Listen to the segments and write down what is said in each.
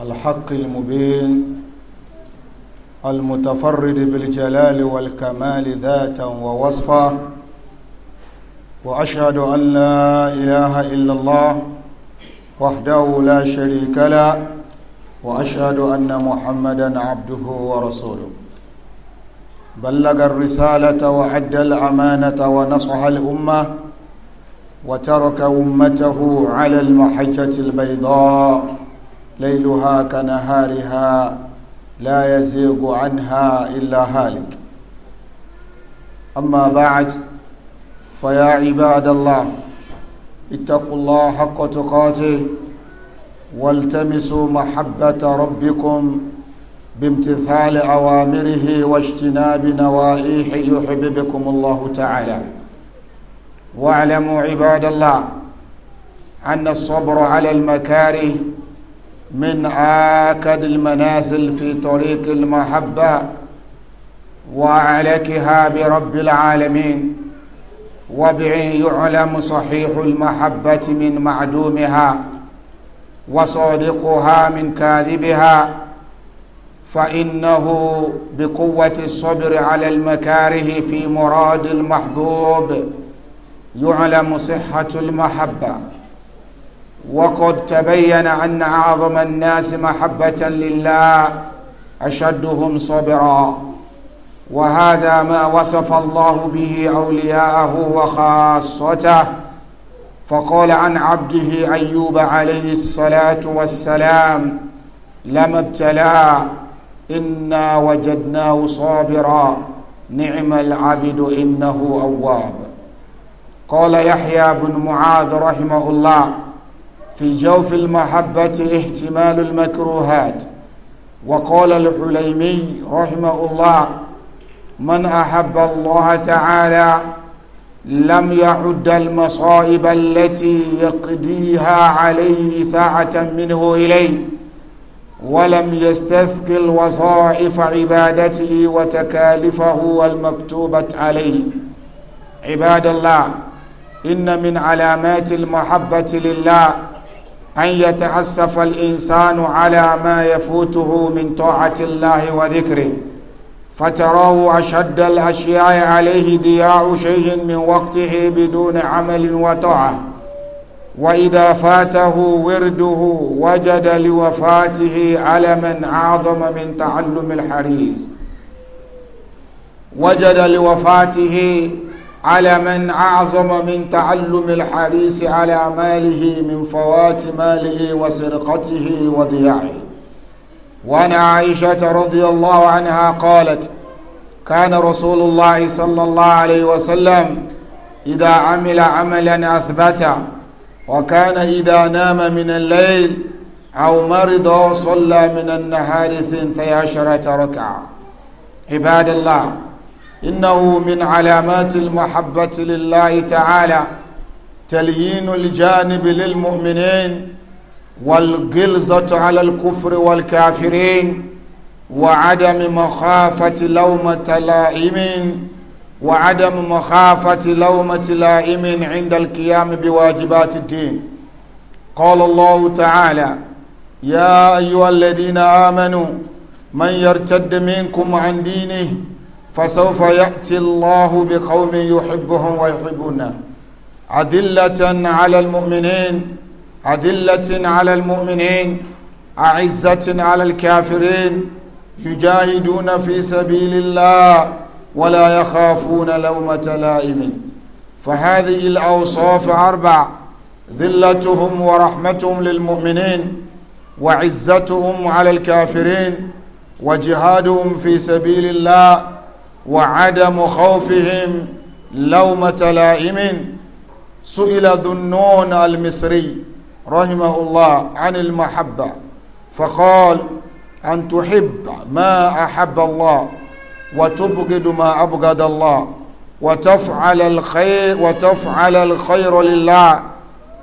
الحق المبين المتفرد بالجلال والكمال ذاتا ووصفا وأشهد أن لا إله إلا الله وحده لا شريك له وأشهد أن محمدا عبده ورسوله بلغ الرسالة وعد الأمانة ونصح الأمة وترك أمته على المحجة البيضاء ليلها كنهارها لا يزيغ عنها إلا هالك أما بعد فيا عباد الله اتقوا الله حق تقاته والتمسوا محبة ربكم بامتثال أوامره واجتناب نواهيه يحببكم الله تعالى واعلموا عباد الله أن الصبر على المكاره من آكد المنازل في طريق المحبة وعلكها برب العالمين وبعي يعلم صحيح المحبة من معدومها وصادقها من كاذبها فإنه بقوة الصبر على المكاره في مراد المحبوب يعلم صحة المحبة وقد تبين أن أعظم الناس محبة لله أشدهم صبرا وهذا ما وصف الله به أولياءه وخاصته فقال عن عبده أيوب عليه الصلاة والسلام لما ابتلاه إنا وجدناه صابرا نعم العبد إنه أواب قال يحيى بن معاذ رحمه الله في جوف المحبة احتمال المكروهات وقال الحليمي رحمه الله من أحب الله تعالى لم يعد المصائب التي يقضيها عليه ساعة منه إليه ولم يستثقل وصائف عبادته وتكالفه المكتوبة عليه عباد الله إن من علامات المحبة لله أن يتأسف الإنسان على ما يفوته من طاعة الله وذكره فتراه أشد الأشياء عليه ضياع شيء من وقته بدون عمل وطاعة وإذا فاته ورده وجد لوفاته علما أعظم من تعلم الحريز وجد لوفاته على من أعظم من تعلم الحديث على ماله من فوات ماله وسرقته وضياعه وعن عائشة رضي الله عنها قالت كان رسول الله صلى الله عليه وسلم إذا عمل عملا أثبته وكان إذا نام من الليل أو مرض صلى من النهار ثنتي عشرة ركعة عباد الله إنه من علامات المحبة لله تعالى تليين الجانب للمؤمنين والغلظة على الكفر والكافرين وعدم مخافة لومة لائم وعدم مخافة لومة لائم عند القيام بواجبات الدين قال الله تعالى يا أيها الذين آمنوا من يرتد منكم عن دينه فسوف يأتي الله بقوم يحبهم ويحبونه أدلة على المؤمنين أدلة على المؤمنين أعزة على الكافرين يجاهدون في سبيل الله ولا يخافون لومة لائم فهذه الأوصاف أربع ذلتهم ورحمتهم للمؤمنين وعزتهم على الكافرين وجهادهم في سبيل الله وعدم خوفهم لومة لائم سئل ذنون المصري رحمه الله عن المحبة فقال أن تحب ما أحب الله وتبغض ما أبغض الله وتفعل الخير وتفعل الخير لله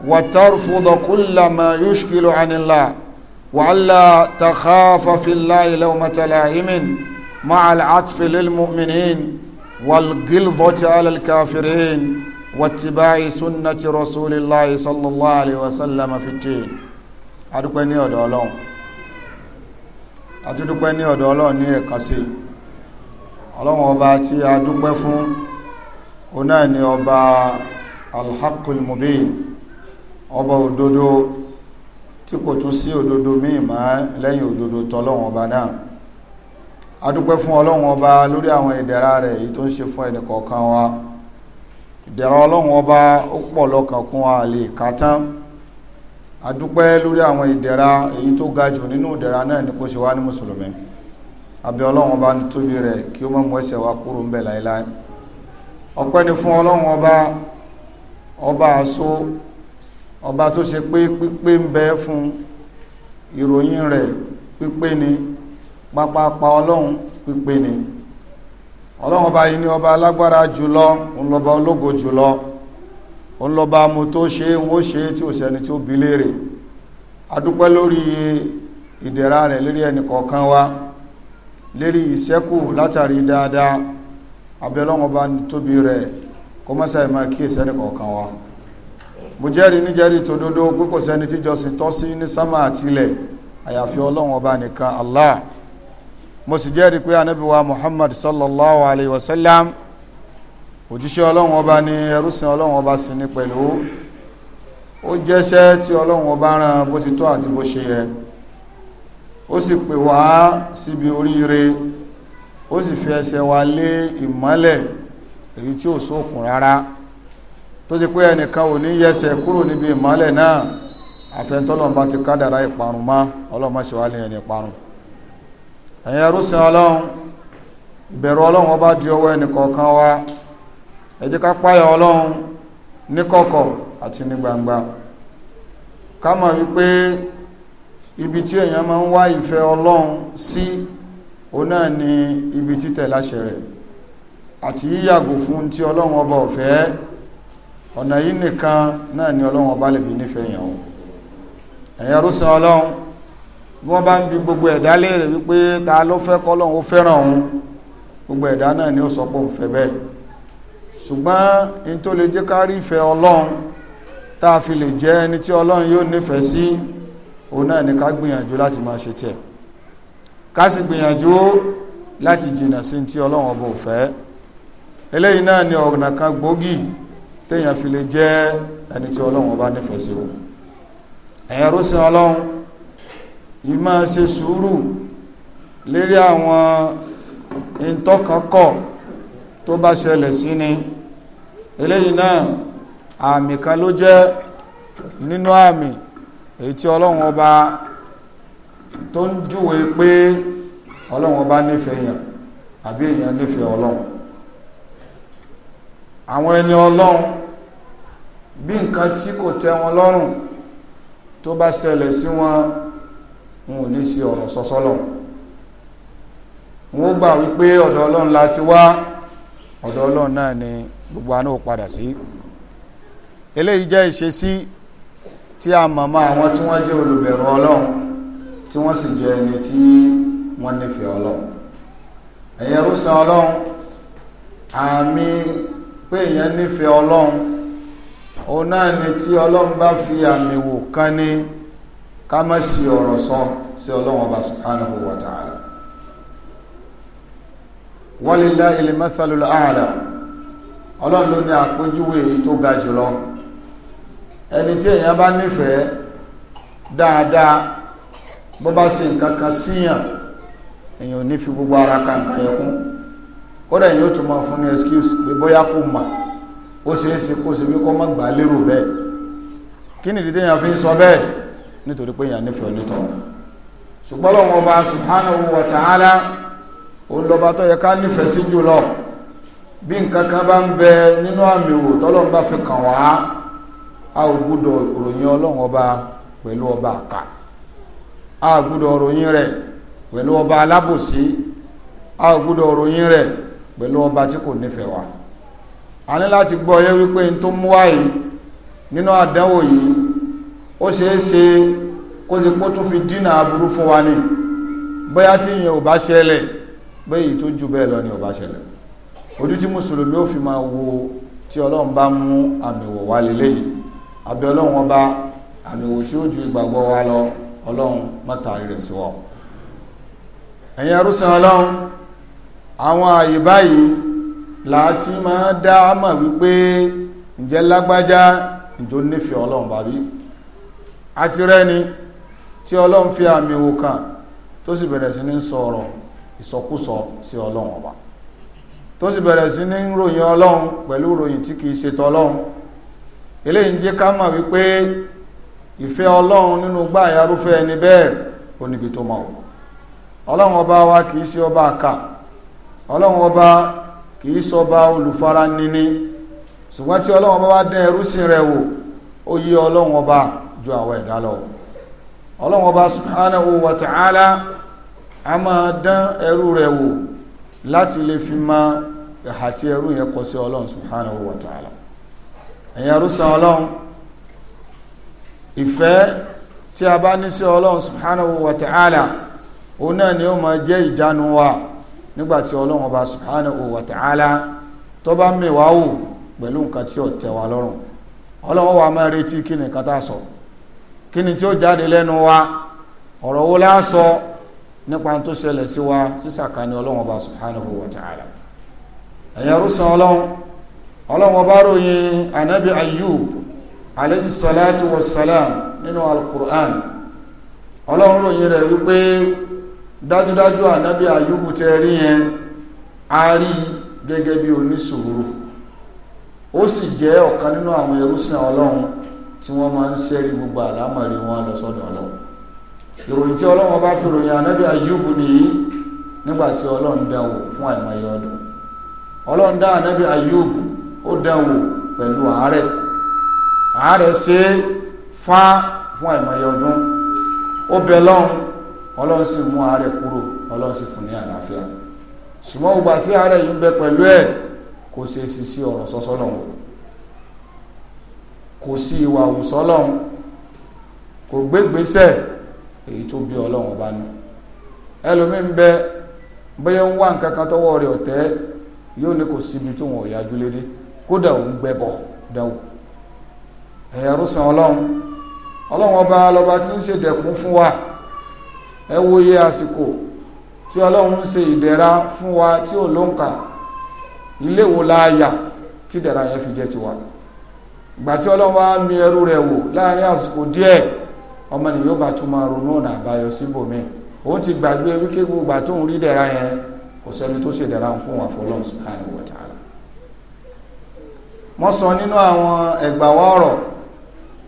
وترفض كل ما يشكل عن الله وألا تخاف في الله لومة لائم مع العطف للمؤمنين والغلظة على الكافرين واتباع سنة رسول الله صلى الله عليه وسلم في الدين adúpẹ́ ní ọ̀dọ̀ Ọlọ́run àti dúpẹ́ ní ọ̀dọ̀ Ọlọ́run ní ẹ̀kan sí Ọlọ́run ọba tí a dúpẹ́ fún o náà ni ọba alhaqul mubin ọba òdodo tí kò tún sí òdodo míì mọ́ lẹ́yìn òdodo tọlọ́run ọba náà adúpẹ́ fún ọlọ́run ọba lórí àwọn ìdẹ̀ra rẹ̀ èyí tó ń ṣe fún ẹnì kọ̀ọ̀kan wa ìdẹ̀ra ọlọ́run ọba ó pọ̀ lọ́kàn kún wa lè kà tán adúpẹ́ lórí àwọn ìdẹ̀ra èyí tó ga jù nínú ìdẹ̀ra náà ní kó ṣe wá ní mùsùlùmí abẹ́ ọlọ́run ọba ní tóbi rẹ̀ kí ó má mú ẹsẹ̀ wa kúrò ń bẹ̀ láéláé ọpẹ́ ni fún ọlọ́run ọba ọba àṣó ọba tó ṣe pé pípé ń bẹ fún ìròyìn rẹ̀ pípé ni pápápá ọlọ́run pípé ni ọlọ́run ọba yìí ni ọba alágbára jùlọ ńlọba ológo jùlọ ńlọba mo tó ṣe ń ó ṣe tí ò sẹ́ni tí ó bi léèrè adúpẹ́ lórí ìdẹ̀ra rẹ̀ lérí ẹnì kọ̀ọ̀kan wa lérí ìṣẹ́kù látàrí dáadáa abẹ́ ọlọ́run ọba tóbi rẹ̀ kọmọ́sá ìmá kí ìsẹ́ni kọ̀ọ̀kan wa mo jẹ́rìí ní jẹ́rìí tó dódó pé kò sẹ́ni tíjọsìn tọ́ sí ní sámà àtilẹ̀ àyàfi ọlọ́run ọba nìkan Allah mo sì jẹ́rìí pé anábì wa muhammad sallallahu alayhi wa sallam òjíṣẹ́ ọlọ́run ọba ni ẹrúsìn ọlọ́run ọba sì ni pẹ̀lú ó jẹ́ṣẹ́ tí ọlọ́run ọba rán bó ti tọ́ àti bó ṣe yẹ ó sì pè wá síbi oríire ó sì fi ẹsẹ̀ wa lé ìmọ́lẹ̀ èyí tí ò sókun rárá tó ti pé ẹnìkan ò ní yẹsẹ̀ kúrò níbi ìmọ́lẹ̀ náà àfẹ́ntọ́lọ́mbá ti kádàrá ìparun má ọlọ́mọ ṣe ìparun ẹ̀yin ẹrúsìn ọlọ́run ìbẹ̀rù ọlọ́run ọba di ọwọ́ ẹnìkọ̀ọ̀kan wa ẹ ká páyà ọlọ́run níkọ̀kọ̀ àti ní gbangba ká ibi tí èèyàn máa ń wá ìfẹ́ sí o náà ni ibi títẹ̀ bí wọ́n bá ń bi gbogbo ẹ̀dá léèrè wípé ta ló fẹ́ kọ́lọ́hún ó fẹ́ràn òun gbogbo ẹ̀dá náà ni ó sọ pé òun fẹ́ bẹ́ẹ̀ ṣùgbọ́n in tó lè jẹ́ ká rí ìfẹ́ ọlọ́run tá a fi lè jẹ́ ẹni tí ọlọ́run yóò nífẹ̀ẹ́ sí òun náà ni ká gbìyànjú láti máa ṣe tiẹ̀ ká sì gbìyànjú láti jìnnà sí tí ọlọ́run ọba ò fẹ́ eléyìí náà ni ọ̀nà kan gbòógì téèyàn fi lè jẹ́ ẹni tí ọlọ́run ọba nífẹ̀ẹ́ sí o ẹ̀yẹn ọlọ́run ìmá ṣe sùúrù lérí àwọn ìntọ́kankọ̀ tó bá ṣẹlẹ̀ sí ni eléyìí náà àmì kan ló jẹ́ nínú àmì èyí tí ọlọ́run ọba tó ń júwe pé ọlọ́run ọba nífẹ̀ẹ́ èèyàn àbí èèyàn nífẹ̀ẹ́ ọlọ́run àwọn ẹni ọlọ́run bí nǹkan tí kò tẹ́ wọn lọ́rùn tó bá ṣẹlẹ̀ sí wọn wọn ò ní sí ọ̀rọ̀ sọ́sọ́lọ̀ wọn ó gbà wípé ọ̀dọ̀ ọlọ́run la ti wá ọ̀dọ̀ ọlọ́run náà ni gbogbo àná ò padà sí eléyìí jẹ́ ìṣesí tí a mọ̀ mọ́ àwọn tí wọ́n jẹ́ olùbẹ̀rù ọlọ́run tí wọ́n sì jẹ́ ẹni tí wọ́n nífẹ̀ẹ́ ọlọ́run ẹ̀yẹ rúsan ọlọ́run àmì pé èèyàn nífẹ̀ẹ́ ọlọ́run òun náà ni tí ọlọ́run bá fi àmì wò kàn ni ká má sí ọ̀rọ̀ sọ sí ọlọ́run ọba subhanahu wa ta'ala walillahi al-mathalul a'la ọlọ́run ló ní àpéjúwe èyí tó ga jùlọ ẹni tí èèyàn bá nífẹ̀ẹ́ dáadáa bó bá ṣe nǹkan kan síyàn èèyàn ò ní fi gbogbo ara ka nǹkan yẹn kódà èèyàn ó tún máa fún ní excuse pé bóyá kò mà ó ṣeé ṣe kó ṣe bí kó má gbà lérò bẹ́ẹ̀ kí nìdí téèyàn fi ń sọ bẹ́ẹ̀ nítorí pé èèyàn nífẹ̀ẹ́ onítọ̀ ṣùgbọ́n lọ́wọ́ ọba subhanahu wa ta'ala òun lọ́ba tó yẹ ká nífẹ̀ẹ́ sí jùlọ bí nǹkan bá ń bẹ nínú àmì wò bá fi kàn wá a ò gbúdọ̀ ròyìn ọlọ́run ọba pẹ̀lú ọba àkà a ò gbúdọ̀ ròyìn rẹ̀ pẹ̀lú ọba alábòsí a ò gbúdọ̀ ròyìn rẹ̀ pẹ̀lú ọba tí kò nífẹ̀ẹ́ wa a ní láti gbọ́ ó ṣeé ṣe kó ṣe kó tún fi dínà aburú fún wa ní bóyá tí ìyẹn ò bá ṣẹlẹ̀ bóyá èyí tó jù bẹ́ẹ̀ lọ ni ò bá ṣẹlẹ̀ ojú tí mùsùlùmí ó fi máa wo tí ọlọ́run bá mú àmì wò wá lélẹ́yìn àbí ọlọ́run ọba àmì wò tí ó ju ìgbàgbọ́ wa lọ ọlọ́run mọ́tàrí rẹ̀ sí wa ẹ̀yin arúsàn ọlọ́run àwọn àyè báyìí láti máa dá mọ̀ wípé ǹjẹ́ lágbájá ìjọ nífẹ̀ẹ́ ọlọ́run bàbí àti rẹ́ni tí ọlọ́run fi àmì wò tó sì bẹ̀rẹ̀ sí ní sọ̀rọ̀ ìsọkúsọ sí ọlọ́run ọba tó sì bẹ̀rẹ̀ sí ní ròyìn ọlọ́run pẹ̀lú ròyìn tí kìí ṣe tọlọ́run eléyìí ń jẹ́ ká mọ̀ ọba wa kìí ọba àkà ọlọ́run ọba kìí ṣọba ṣùgbọ́n tí ọlọ́run ọba ẹrú sí rẹ̀ ọba ju àwọn ẹ̀dá lọ ọlọ́run ọba subhanahu wa ta'ala a máa dán ẹrú rẹ̀ wò láti lè fi ma ẹ̀hà tí ẹrú yẹn kọ sí ọlọ́run subhanahu wa ta'ala ẹ̀yìn arúsàn ọlọ́run ìfẹ́ tí a bá ní sí ọlọ́run subhanahu wa ta'ala òun náà nígbàtí ọlọ́run ọba subhanahu wa tó bá mẹ́wàá wò pẹ̀lú nǹkan tí ó tẹ́ lọ́rùn ọlọ́run wa máa retí kí nìkan tá sọ̀rọ̀ kí ni tí ó jáde lẹ́nu wa ọ̀rọ̀ wo la sọ nípa tó ṣẹlẹ̀ sí wa sísàkání ọlọ́run ọba subhanahu wa ta'ala ẹ̀yẹ rúsan ọlọ́run ọlọ́run ọba ròyìn anabi ayub alayhi salatu wa salam nínú alukur'an ọlọ́run ròyìn rẹ̀ wípé dájúdájú anabi ayub tẹ rí yẹn a rí gẹ́gẹ́ bí onísùúrù ó sì jẹ́ ọ̀kan nínú àwọn ẹrúsìn ọlọ́run tí wọ́n máa ń sẹ́rí gbogbo àlámọ̀rí wọn lọ sọ́dọ̀ ọlọ́run ìròyìn tí ọlọ́run bá fi ròyìn anábì ayúbù nìyí nígbà tí ọlọ́run dánwò fún àìmọye ọdún ọlọ́run dá anábì ayúbù ó dánwò pẹ̀lú àárẹ̀ àárẹ̀ ṣe fá fún àìmọye ọdún ó bẹ lọ́run ọlọ́run sì mú àárẹ̀ kúrò ọlọ́run sì fún ní àlàáfíà ṣùgbọ́n ìgbà tí àárẹ̀ yìí ń bẹ pẹ̀lú ẹ̀ kò ṣe sí sí ọ̀rọ̀ sọ́sọ́ lọ́wọ́ kò sí ìwà òsọ́lọ́run kò gbégbésẹ̀ èyí tó bí ọlọ́run ọba nù ẹlòmí ń bẹ bóyá ń wá nǹkan kan tọwọ́ rẹ̀ ọ̀tẹ́ yóò ní kò síbi tó wọn ọ̀yájú lédè kódà òun gbẹbọ dáwò ẹ̀yàrú san ọlọ́run ọlọ́run ọba lọba tí ń ṣèdẹ̀kún fún wa ẹ wo iye àsìkò tí ọlọ́run ń ṣe ìdẹ̀ra fún wa tí ò lóǹkà ilé wo la yà tí ìdẹ̀ra yẹn fi jẹ́ tiwa ìgbà tí ọlọ́run wá mi ẹrú rẹ̀ wò láàrin àsìkò díẹ̀ ọmọ nìyí ó bá tún máa ronú ọ̀nà àbáyọ síbòmí òun ti gbàgbé wíkẹ́ gbogbo àtóhun rí dẹ̀ra yẹn kò sẹ́ni tó ṣe dẹ̀ra fún wa fọlọ́run subhanahu wa ta'ala wọ́n sọ nínú àwọn ẹgbàwọ́ ọ̀rọ̀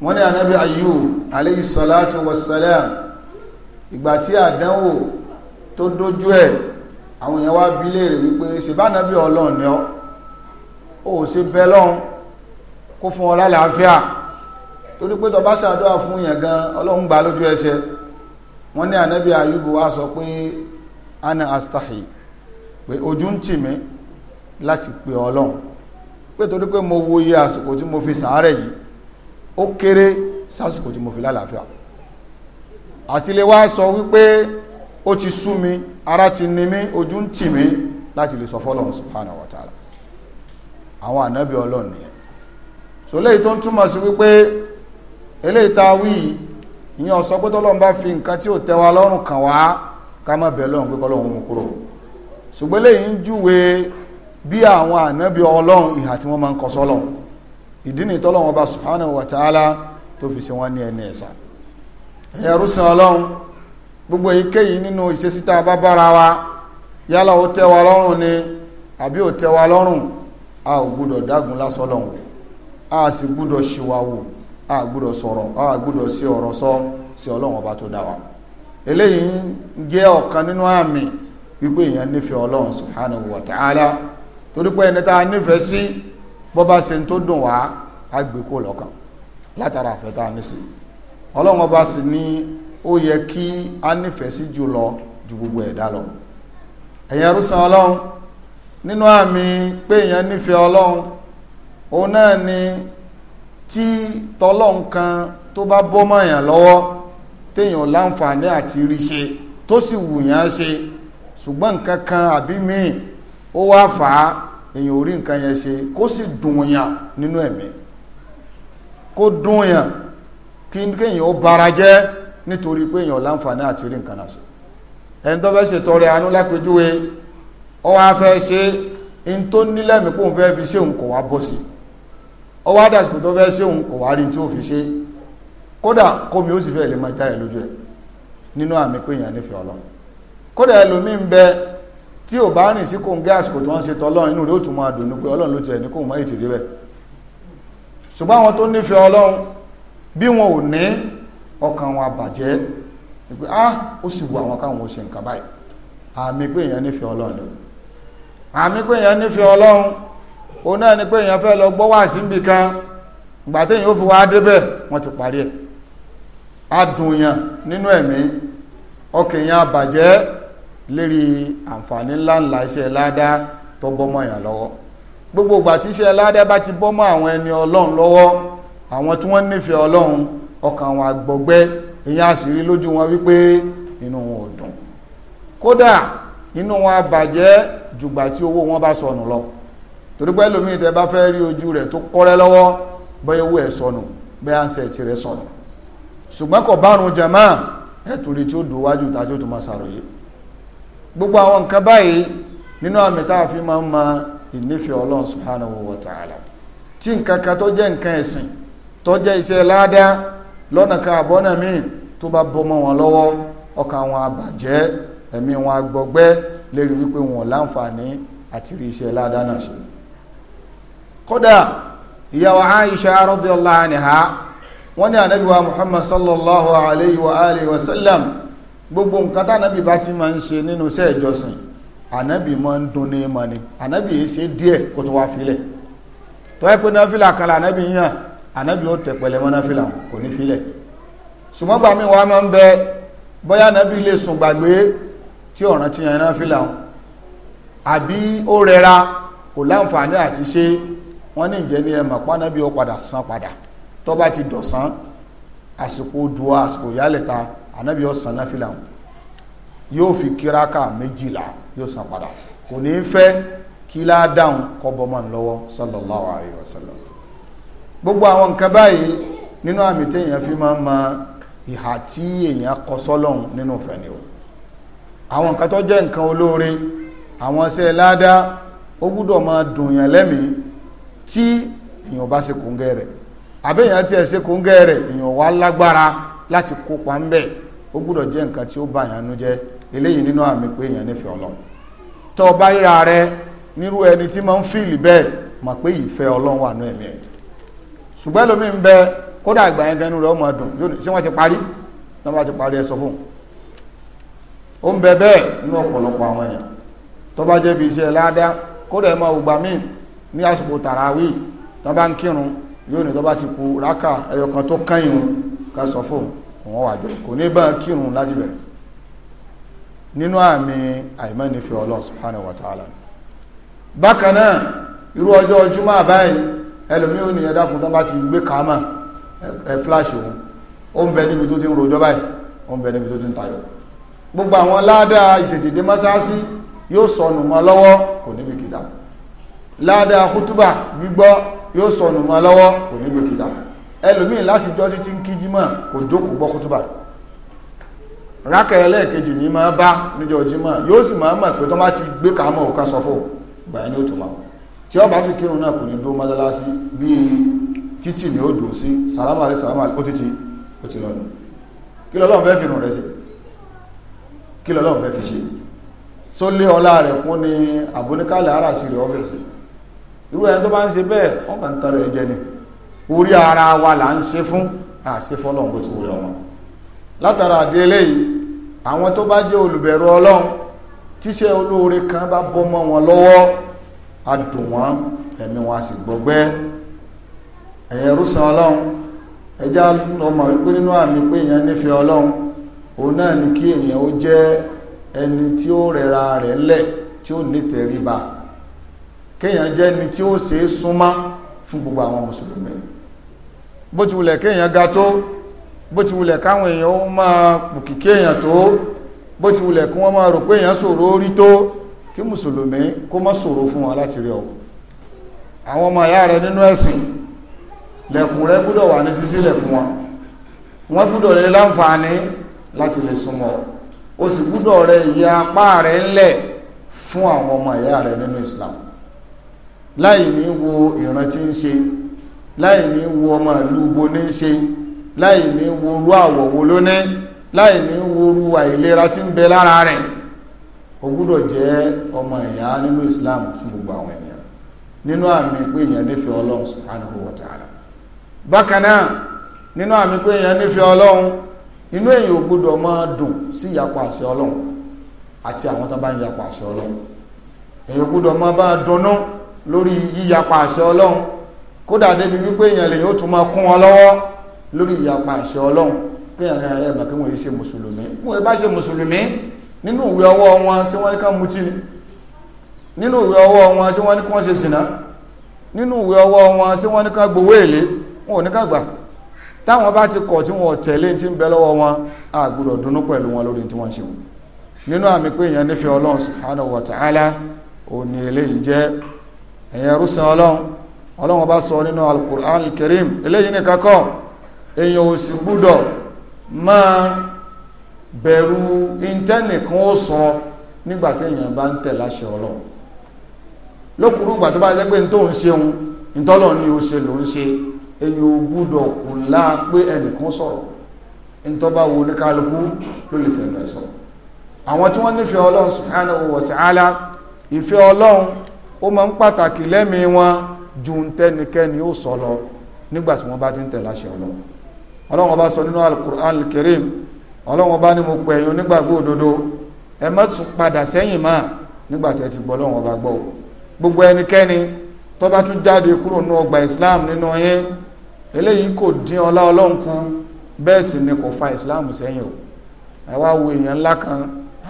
wọ́n ní anábì Ayyub alayhi salatu wassalam ìgbà tí àdánwò tó dójú ẹ̀ àwọn èèyàn wá bi léèrè wípé ṣèbá anábì ọlọ́run ni ọ́ ò ṣe bẹ́ lọ́run kó fún ọ lálàáfíà torí pé tó bá ṣàdúrà fún yẹn gan ọlọ́run gbà lójú ẹsẹ̀ wọ́n ní ànábì ayúbù wá sọ pé ana astahi pé ojú ń tì mí láti pè ọlọ́run pé torí pé mo wo iye àsìkò tí mo fi sàárẹ̀ yìí ó kéré sásìkò tí mo fi lálàáfíà àti lè wá sọ wípé ó ti sú mi ara ti ni mí ojú ń tì mí láti lè sọ fọ́lọ́run subhanahu wa àwọn ànábì ọlọ́run nìyẹn so léyìí tó ń túmọ̀ sí wípé eléyìí ta a wí ìyẹn ọ̀sọ́ pé tọ́lọ́run bá fi nǹkan tí ò tẹ́ wa lọ́rùn kàn wá ká má bẹ̀ lọ́run pé kọ́lọ́run mú kúrò ṣùgbọ́n léyìí ń júwe bí àwọn ànábì ọlọ́run ìhà tí wọ́n máa ń kọ ìdí ni tọ́lọ́run ọba subhanahu wa tó fi ṣe wọ́n ní gbogbo èyíkéyìí nínú ìṣesíta bá bára wa yálà ó ni àbí ó lọ́rùn a ò gbúdọ̀ dágun a sì gbúdọ̀ ṣìwàwò a gbúdọ̀ sọ̀rọ̀ a gbúdọ̀ sí ọ̀rọ̀ sọ sí ọlọ́run ọba tó dá wa eléyìí ń jẹ́ ọ̀kan nínú àmì wípé èèyàn nífẹ̀ẹ́ ọlọ́run subhanahu wa ta'ala torí pé ẹni tá a nífẹ̀ẹ́ sí bó bá ṣe tó dùn wá a gbé kó lọ́kàn látara àfẹ́ tá a ní sí ọlọ́run ọba sì ní ó yẹ kí a nífẹ̀ẹ́ sí jù lọ ju gbogbo ẹ̀dá lọ ẹ̀yẹrú san ọlọ́run nínú àmì pé èèyàn nífẹ̀ẹ́ ọlọ́run òun náà ni tí tọ́lọ́ nǹkan tó bá bọ́ mọ̀yàn lọ́wọ́ téèyàn láǹfààní àti rí ṣe tó sì wùyàn ṣe ṣùgbọ́n nǹkan kan àbí míì ó wá fà á èyàn ò rí nǹkan yẹn ṣe kó sì dùnyàn nínú ẹ̀mí kó dùnyàn kí kéèyàn ó bara jẹ́ nítorí pé èyàn láǹfààní àti rí nǹkan náà ẹni tó fẹ́ ṣe àánú lápẹjúwe ó wá fẹ́ ṣe in tó nílẹ̀mí kóun fẹ́ fi ṣe òun kò wá bọ́ sí i ọwọ́ àdàsìkò tó fẹ́ ṣéhun kò wá rí tí ó fi ṣe kódà kómi ó sì fẹ́ lè máa jáyẹ lójú ẹ̀ nínú àmì pé èèyàn nífẹ̀ẹ́ ọlọ́run kódà ẹlòmíì ń bẹ tí ò bá rìn sí kò ń gé àsìkò tó ń ṣe tọlọ́run inú rẹ̀ ó tún máa dùn ní pé ọlọ́run ló ti ẹni kò mọ ètè rí bẹ́ẹ̀ ṣùgbọ́n àwọn tó nífẹ̀ẹ́ ọlọ́run bí wọn ò ní ọkàn wọn àbàjẹ́ pé ah ó sì wo àwọn káwọn ò ṣe nǹkan báyìí àmì pé èèyàn nífẹ̀ẹ́ ọlọ́run àmì pé èèyàn nífẹ̀ẹ́ ọlọ́run òun náà ni pé èèyàn fẹ́ lọ gbọ́ wáàsí níbi kan ìgbà téèyàn ó fi wá débẹ̀ wọ́n ti parí ẹ̀ adùnyàn nínú ẹ̀mí ọkẹ̀yàn àbàjẹ́ lérí àǹfààní ńláńlá iṣẹ́ ládá tó bọ́mọ̀ èèyàn lọ́wọ́ gbogbo ìgbà tí iṣẹ́ ládá bá ti bọ́mọ̀ àwọn ẹni ọlọ́run lọ́wọ́ àwọn tí wọ́n nífẹ̀ẹ́ ọlọ́run ọkàn wọn àgbọ̀gbẹ́ èèyàn àṣírí lójú wọn wípé inú wọn ò dùn kódà inú wọn àbàjẹ́ jùgbà tí owó wọn bá sọnù lọ torí pé lómi ìtẹ́ bá fẹ́ rí ojú rẹ̀ tó kọ́rẹ́ lọ́wọ́ bóyá owó ẹ̀ sọnù bóyá ń sẹ̀ tì rẹ̀ sọnù ṣùgbọ́n kò bárun jàmá ẹ̀tùrí tí ó wájú máa gbogbo àwọn nǹkan báyìí nínú àmì tá a fi máa ń ma ìnífẹ̀ẹ́ ọlọ́run ẹ̀mí wọn wọn láǹfààní àti rí iṣẹ́ kódà ìyàwó Aisha radiyallahu anha wọ́n ní ànábì wa Muhammad sallallahu alayhi wa alihi wa sallam gbogbo nǹkan tá ànábì bá ti máa ń ṣe nínú iṣẹ́ ìjọsìn ànábì máa ń dun ní ìmọ̀ ni ànábì yìí ṣe díẹ̀ kó tó wá filẹ̀ tó yẹ pé náfìlà kan là ànábì yàn ànábì ó tẹ̀pẹ̀lẹ̀ mọ́ náfìlà kò ní filẹ̀ ṣùgbọ́n gbà mí wàá máa ń bẹ bóyá ànábì lè sùn gbàgbé tí ọ̀ràn ti yàn náfìlà àbí ó rẹra kò láǹfààní àti ṣe wọ́n ní ìjẹ́ ní ẹmọ̀ pánábí ó padà san padà tó bá ti dọ̀sán àsìkò dùá àsìkò yálẹ̀ta ànábì ó san náfìlà yóò fi kíráka méjìlá yóò san padà kò ní fẹ́ kí ládáhùn kọ́bọ́mọ́ lọ́wọ́ sallallahu alayhi wa sallam gbogbo àwọn nǹkan báyìí nínú àmì téèyàn fi máa ń ma ìhà tí èèyàn kọ sọ́lọ́hun nínú ìfẹ́ o àwọn nǹkan tó jẹ́ nǹkan olóore àwọn ṣe ládá ó gbúdọ̀ máa dùn yàn lẹ́mìí tí èèyàn bá ṣe kóńgẹ́ rẹ̀ àbẹ́yàn tí ẹ̀ ṣe kóńgẹ́ rẹ̀ èèyàn wá lágbára láti kópa ń bẹ̀ ó gbúdọ̀ jẹ́ nǹkan tí ó bá yàn jẹ́ eléyìí nínú àmì pé èèyàn nífẹ̀ẹ́ ọlọ́run tọ́ ríra rẹ nírú ẹni tí máa ń fìlì mà pé wà lómi ń bẹ kódà àgbà yẹn ní àsìkò tàràwí tó bá ń kírun yóò ní tó bá ti kù rákà ẹyọ kan tó kán ìrun ká sọ fún òun wàjọ kò ní bá kírun láti bẹ̀rẹ̀ nínú àmì àìmọ́nifẹ́ Ọlọ́run subhanahu wa ta'ala bákan náà irú ọjọ́ Jímọ̀ àbáyìí ẹlòmí ò ní ẹ̀dá kùn tó bá ti gbé kàámà ẹ̀ gbogbo àwọn ládàá ìtètèdé mọ́sáàsì yóò sọnù mọ́ lọ́wọ́ ládàá kútúbà gbígbọ́ yóò sọnù mọ́ lọ́wọ́ kò ní gbé kìtà ẹlòmíì láti jọ́ títí ń kí jímọ̀ kò jókòó gbọ́ kútúbà rákà ẹlẹ́ẹ̀kejì ní ma bá níjọ́ jímọ̀ yóò sì máa mọ̀ pé tó bá ti gbé kàámọ̀ òkà sọ fún gbà ó tó tí ó ni ó dùn sí sàlámà rẹ̀ sàlámà ó títí ó ti lọ́nu kí lọ́lọ́run fẹ́ irú ẹni tó bá ń ṣe bẹ́ẹ̀ wọ́n kàn ń tọrọ ẹ̀jẹ̀ ni orí ara wa là ń ṣe fún àṣẹ fọlọ́n bó ti wúlọ wọn látara àdéhélé yìí àwọn tó bá jẹ́ olùbẹ̀rù ọlọ́run tíṣẹ́ olóore kan bá bọ́ mọ́ wọn lọ́wọ́ á dùn wọ́n ẹ̀mí wọn á sì gbọgbẹ́ ẹ̀yẹrú san ọlọ́run ẹjá ọmọ wípé nínú àmì pé èèyàn nífẹ̀ẹ́ ọlọ́run òun náà ni kí èèyàn ó jẹ́ ẹni tí ó rẹra rẹ̀ lẹ̀ tí ó nítẹríba kéèyàn jẹ́ ni tí ó ṣe é súnmá fún gbogbo àwọn mùsùlùmí bó ti wulẹ̀ kéèyàn ga tó bó ti wulẹ̀ káwọn èèyàn ó máa pùkìkí èèyàn tó bó ti wulẹ̀ kí wọ́n máa rò pé èèyàn ṣòro orí tó kí mùsùlùmí kó má ṣòro fún wọn láti rí ọ àwọn ọmọ ìyá rẹ nínú ẹ̀sìn lẹ̀kùn rẹ gbúdọ̀ wà ní sísílẹ̀ fún wọn wọ́n gbúdọ̀ lè láǹfààní láti lè súnmọ́ o sì gbúdọ̀ rẹ ìyá apá rẹ ńlẹ̀ fún àwọn ọmọ ìyá rẹ nínú Islam láì ní wo ìran tí ń ṣe láì ní wo ọmọ ìlú bo ní ṣe láì ní wo orú àwọ̀ wo láì ní wo orú àìlera tí ń bẹ lára rẹ̀ O jẹ́ ọmọ ìyá nínú Islam fún gbogbo àwọn ènìyàn nínú àmì pé èèyàn nífẹ̀ẹ́ Ọlọ́run subhanahu wa ta'ala bákan nínú àmì pé èèyàn Ọlọ́run inú èèyàn ò dùn sí àṣẹ lórí yíyapa àṣẹ ọlọ́run kódà débi wípé èèyàn lè yóò tún máa kún wọn lọ́wọ́ lórí ìyapa àṣẹ ọlọ́run kéèyàn ní ayé ẹ̀mà kí wọ́n yí ṣe mùsùlùmí wọ́n bá ṣe mùsùlùmí nínú ìwé ọwọ́ wọn ṣé wọ́n ní ká mutí ni nínú ìwé ọwọ́ wọn ṣé wọ́n ní kí wọ́n ṣe sìnà nínú ìwé ọwọ́ wọn ṣé wọ́n ní ká gbowó èlé wọn ò ní ká gbà táwọn bá ti kọ̀ tí wọn ò tẹ̀lé tí ń bẹ lọ́wọ́ wọn a gbọ́dọ̀ dunnú pẹ̀lú wọn lórí tí wọ́n ṣe nínú àmì pé èèyàn nífẹ̀ẹ́ ọlọ́run subhanahu wa òní eléyìí jẹ́ ẹ̀yẹn rúsìn ọlọ́run ọlọ́run bá sọ nínú al-Qur'an al-Karim eléyìí nìkan kọ́ èèyàn ò sì gbúdọ̀ máa bẹ̀rù ìntẹ́nìkan ó sọ nígbà tí èèyàn bá ń tẹ̀ láṣẹ ọlọ́run lókùrú ìgbà tó bá jẹ́ pé ní tó ń ṣeun ìtọ́lọ̀ ni ó ṣe ló ń ṣe èèyàn ò gbúdọ̀ kù láà pé ẹnìkan sọ̀rọ̀ ìtọ́ba wo ní kálukú ló lè fẹ̀ẹ́ sọ̀rọ̀ àwọn tí wọ́n nífẹ̀ẹ́ ọlọ́run subhanahu wa ta'ala ìfẹ́ ọlọ́run ó máa ń pàtàkì lẹ́mìí wọn ju tẹ́nikẹ́ni ó sọ lọ nígbà tí wọ́n bá ti ń tẹ̀lé Ọlọ́run Ọlọ́run sọ nínú al-Qur'an al-Karim Ọlọ́run bá ní mo pè yín onígbàgbọ́ òdodo ẹ má tún padà sẹ́yìn máa nígbà tẹ́ ti gbọ́ Ọlọ́run bá gbọ́ gbogbo Islam nínú yín eléyìí kò dín ọlá Ọlọ́run kù ni kò fa Islam sẹ́yìn o ẹ wá wo èèyàn ńlá kan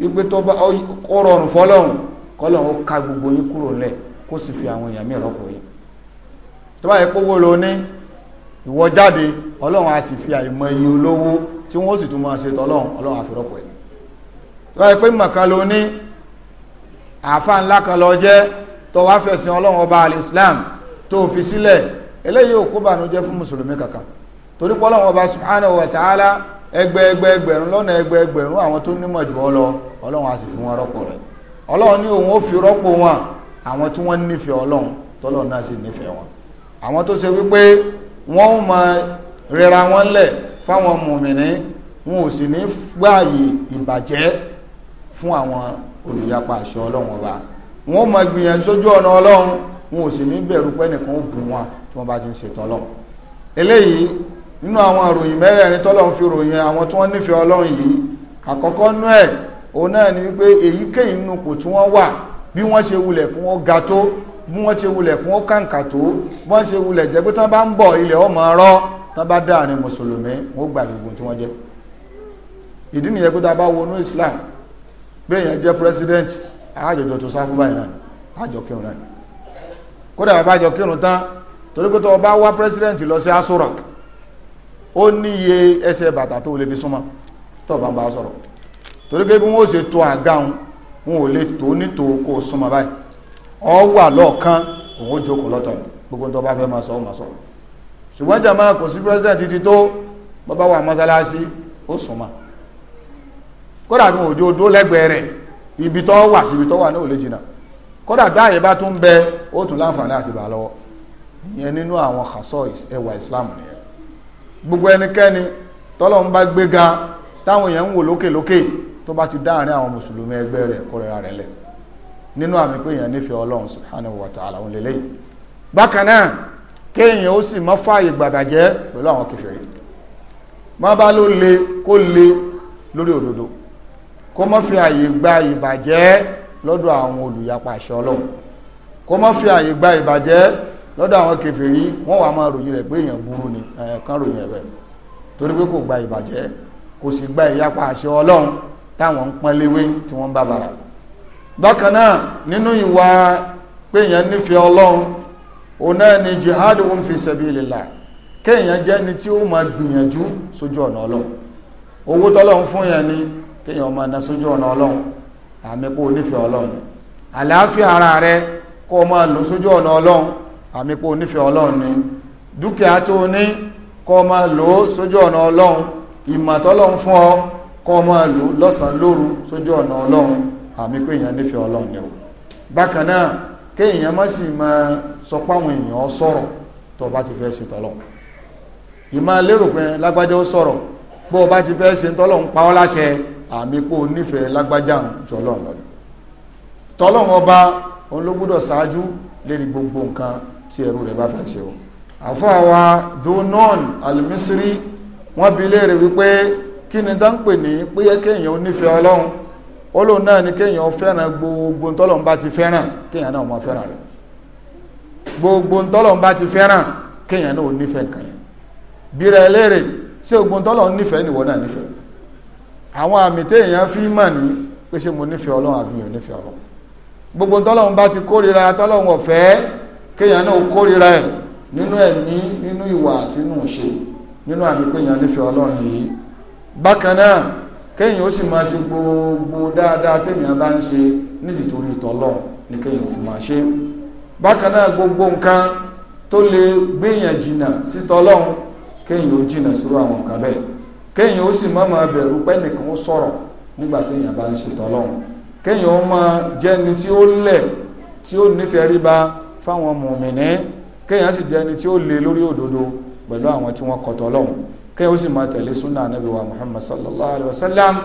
wípé tó bá ó rọrùn fọlọ́hún kọlọ́hún ó ka gbogbo yín kúrò lẹ̀ kó sì fi àwọn èèyàn míì rọ́pò yín tó bá yẹ kó wó lo ní ìwọ jáde ọlọ́run á sì fi àìmọ iye olówó tí wọ́n sì tún máa ṣe tọ́lọ́run ọlọ́run á fi rọ́pò ẹ̀ tó bá yẹ pé mọ̀kan lo àáfàá ńlá kan lọ jẹ́ tó wá fẹ̀sìn ọlọ́run ọba al-Islam tó fi sílẹ̀ eléyìí ò kó bànújẹ́ fún mùsùlùmí kankan torí pé ọba subhanahu wa ta'ala ẹgbẹ́ ẹgbẹ́ ẹgbẹ̀rún lọ́nà ẹgbẹ́ ẹgbẹ̀rún àwọn tó nímọ̀ jù ọ lọ ọlọ́run á sì fún wọn rọ́pò rẹ̀ ọlọ́run ní òun ó fi rọ́pò wọn àwọn tí wọ́n nífẹ̀ẹ́ ọlọ́run tọ́lọ́run náà sì nífẹ̀ẹ́ wọn àwọn tó ṣe wípé wọ́n ó mọ rẹra wọn lẹ̀ fáwọn mùmìnì wọn ò sì ní gbààyè ìbàjẹ́ fún àwọn olùyapa àṣẹ ọlọ́run ọba wọn ó mọ gbìyànjú sójú ọ̀nà ọlọ́run wọn ò sì ní bẹ̀rù pẹ́nìkan ó bù wọn tí wọ́n bá ti ń ṣètọ́lọ́run eléyìí nínú àwọn ìròyìn mẹ́rẹ̀ẹ̀rin tọ́lọ́run fi ròyìn àwọn tí wọ́n nífẹ̀ẹ́ ọlọ́run yìí àkọ́kọ́ nú ẹ̀ òun náà ni wípé èyíkéyìí nínú kò tí wọ́n wà bí wọ́n ṣe wulẹ̀ kún ó ga tó bí wọ́n ṣe wulẹ̀ kún ó kàǹkà tó bọ́n ṣe wulẹ̀ jẹ́ pé tán bá ń bọ̀ ilẹ̀ ọmọ ọrọ́ tán bá dáàrin mùsùlùmí wọ́n gbà gbogbo tí wọ́n jẹ́ ìdí nìyẹn pé tá a bá wọnú Islam bí èèyàn jẹ́ president àjọjọ tó sáfún báyìí náà àjọ kírun náà kódà bàbá àjọ kírun tán torí pé tó o bá wá president lọ sí asurok ó níye ẹsẹ̀ bàtà tó lè fi súnmọ́ tó bá ń bá sọ̀rọ̀ torí pé bí wọ́n ṣe to àgáhun wọn ò lè tó nítò kó súnmọ́ báyìí ọ wà lọ́ọ̀kan òun ó jókòó lọ́tọ̀ gbogbo tó bá fẹ́ máa sọ ọ́ máa sọ̀rọ̀ ṣùgbọ́n jàmáà kò sí president títí tó bọ́bá wà mọ́sálásí ó súnmọ́ kódà kí òjò dó lẹ́gbẹ̀ẹ́ rẹ̀ ibi tó wà síbi tó wà náà ò lè kódà bí àyè bá tún bẹ ó tún láǹfààní àti bà lọ́wọ́ ìyẹn nínú àwọn khasois ẹwà Islam nìyẹn gbogbo ẹnikẹ́ni tọ́lọ́run bá gbéga táwọn èèyàn ń wò lókè lókè tó bá ti dáàrin àwọn mùsùlùmí ẹgbẹ́ rẹ̀ kórìíra rẹ̀ lẹ̀ nínú àmì pé èèyàn nífẹ̀ẹ́ ọlọ́run subhanahu wa ta'ala òun bákan náà kéèyàn ó sì mọ́ fààyè gbàdàjẹ́ pẹ̀lú àwọn kèfèrí má bá ló le kó le lórí òdodo kó má fi àyè gba ìbàjẹ́ lọ́dọ̀ àwọn olùyapa àṣẹ ọlọ́run kó má fi àyè gba ìbàjẹ́ lọ́dọ̀ àwọn kèfèrí wọ́n wà máa ròyìn rẹ̀ pé èèyàn burú ni kan ròyìn ẹ̀bẹ̀ torí pé kò gba ìbàjẹ́ kò sì gba ìyapa àṣẹ ọlọ́run táwọn ń pọ́n tí wọ́n bá bàrà bákan náà nínú ìwà pé èèyàn nífẹ̀ẹ́ ọlọ́run òun náà ni jihad wọn fi sabilillah kéèyàn jẹ́ ni tí ó máa gbìyànjú sójú ọ̀nà ọlọ́run owó tọ́lọ́run fún yẹn ni kéèyàn máa na sójú ọ̀nà ọlọ́run àmì kó nífẹ̀ẹ́ ọlọ́run àlàáfíà ara rẹ kó máa lò sójú ọ̀nà ọlọ́run àmì pé onífẹ́ ọlọ́run ni dúkìá tó ní kó máa lò ó sójú ọ̀nà ọlọ́run ìmọ̀ tọ́lọ́run fún ọ kó máa lò lọ́sàn lóru sójú ọ̀nà ọlọ́run àmì pé èèyàn nífẹ́ ọlọ́run ni o bákan náà kéèyàn má sì ma sọ páwọn èèyàn sọ̀rọ̀ tó bá ti fẹ́ ṣe tọ́lọ́run ìmọ̀ lérò pé lágbájá ó sọ̀rọ̀ bó o bá ti fẹ́ ṣe tọ́lọ́run pa ọ́ láṣẹ àmì pé nífẹ̀ẹ́ lágbájá jọlọ́run lọ́dún tọ́lọ́run ọba òun ló gbọ́dọ̀ ṣáájú lérí gbogbo nǹkan tí ẹrú rẹ̀ bá fẹ́ ṣe o àfáàwà dunon alimisiri wọ́n bi léèrè wípé kí ni tá ń pè ní pé kéèyàn ó nífẹ̀ẹ́ ọlọ́run ó náà ni kéèyàn fẹ́ràn gbogbo ntọ́lọ́run bá ti fẹ́ràn kéèyàn náà mọ fẹ́ràn rẹ̀ gbogbo ntọ́lọ́run bá ti fẹ́ràn kéèyàn náà ò nífẹ̀ẹ́ nǹkan yẹn bí rẹ̀ léèrè ṣé gbogbo ntọ́lọ́run nífẹ̀ẹ́ nìwọ náà nífẹ̀ẹ́ àwọn àmì téèyàn fi mọ̀ ní pé ṣé mo nífẹ̀ẹ́ ọlọ́run àbí mi ò nífẹ̀ẹ́ ọlọ́run gbogbo ntọ́lọ́run bá ti kórira tọ́lọ́run ọ̀fẹ́ kéèyàn náà kórìíra ẹ̀ nínú ẹ̀mí nínú ìwà àti nínú ìṣe nínú àmì péyàn nífẹ̀ẹ́ ọlọ́run yìí bákan náà kéèyàn ó sì máa ṣe gbogbo dáadáa téèyàn bá ń ṣe nídìí torí ìtọ́lọ́run ni kéèyàn fi máa ṣe bákan náà gbogbo nǹkan tó lè gbéyàn jìnà sí tọ́lọ́run kéèyàn ó jìnà sírò àwọn nǹkan bẹ́ẹ̀ kéèyàn ó sì má máa bẹ̀rù pé ẹnìkan ó sọ̀rọ̀ nígbà téèyàn bá ń ṣe tọ́lọ́run kéèyàn ó máa jẹ́ni tí ó lẹ̀ tí ó nítẹríba fáwọn mùmìnì kenyasi sì tí ó le lórí òdodo pẹ̀lú àwọn tí wọ́n kọ̀tọ̀ lọ́wọ́ kéèyàn ó sì máa tẹ̀lé súnà anábì wa muhammad sallallahu alayhi wa sallam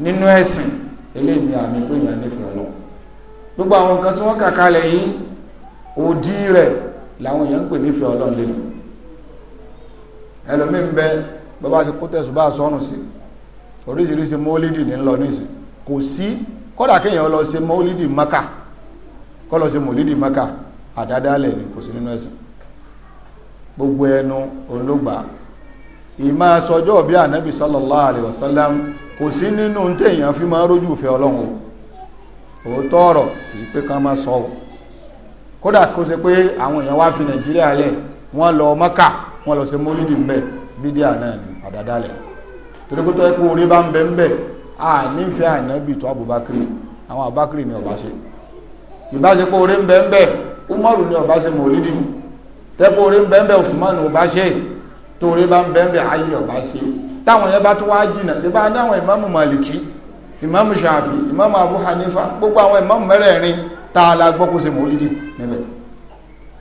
nínú ẹ̀sìn eléyìí ni àmì àwọn nǹkan tí wọ́n kà kalẹ̀ yìí làwọn èèyàn ń pè nífẹ̀ẹ́ ọlọ́run lẹ́nu ẹlòmíín bẹ bàbá ti kó tẹ̀sùn bá sọ́run sí oríṣiríṣi mọ́lídì ní lọ kò sí kéèyàn lọ maka lọ mọ́lídì maka àdádálẹ̀ ni kò sí nínú ẹ̀sìn gbogbo ẹnu olóògbà ìmá sọjọ́ bí ànábì sallallahu alaihi kò sí nínú téèyàn fi máa rójú ìfẹ́ ọlọ́run òótọ́ ọ̀rọ̀ kìí pé ká máa sọ kódà kó pé àwọn èèyàn wá fi nàìjíríà lọ mọ́kà wọ́n lọ sí mólídì ńbẹ̀ náà àdádálẹ̀ torí pé tọ́ orí bá ń bẹ a nífẹ̀ẹ́ tó àwọn ọba orí umaru ni ọba ṣe mọ̀lídì tẹ́kọ̀ orí ń bẹ́ẹ̀ usman ọba ṣe tó orí bá ń bẹ́ẹ̀ ali ọba ṣe táwọn yẹn bá tó wá jìnà ṣe bá dáwọn ìmáàmù maliki ìmáàmù shafi ìmáàmù abu hanifa gbogbo àwọn ìmáàmù mẹ́rẹ̀ẹ̀rin tá a la gbọ́ kó ṣe mọ̀lídì níbẹ̀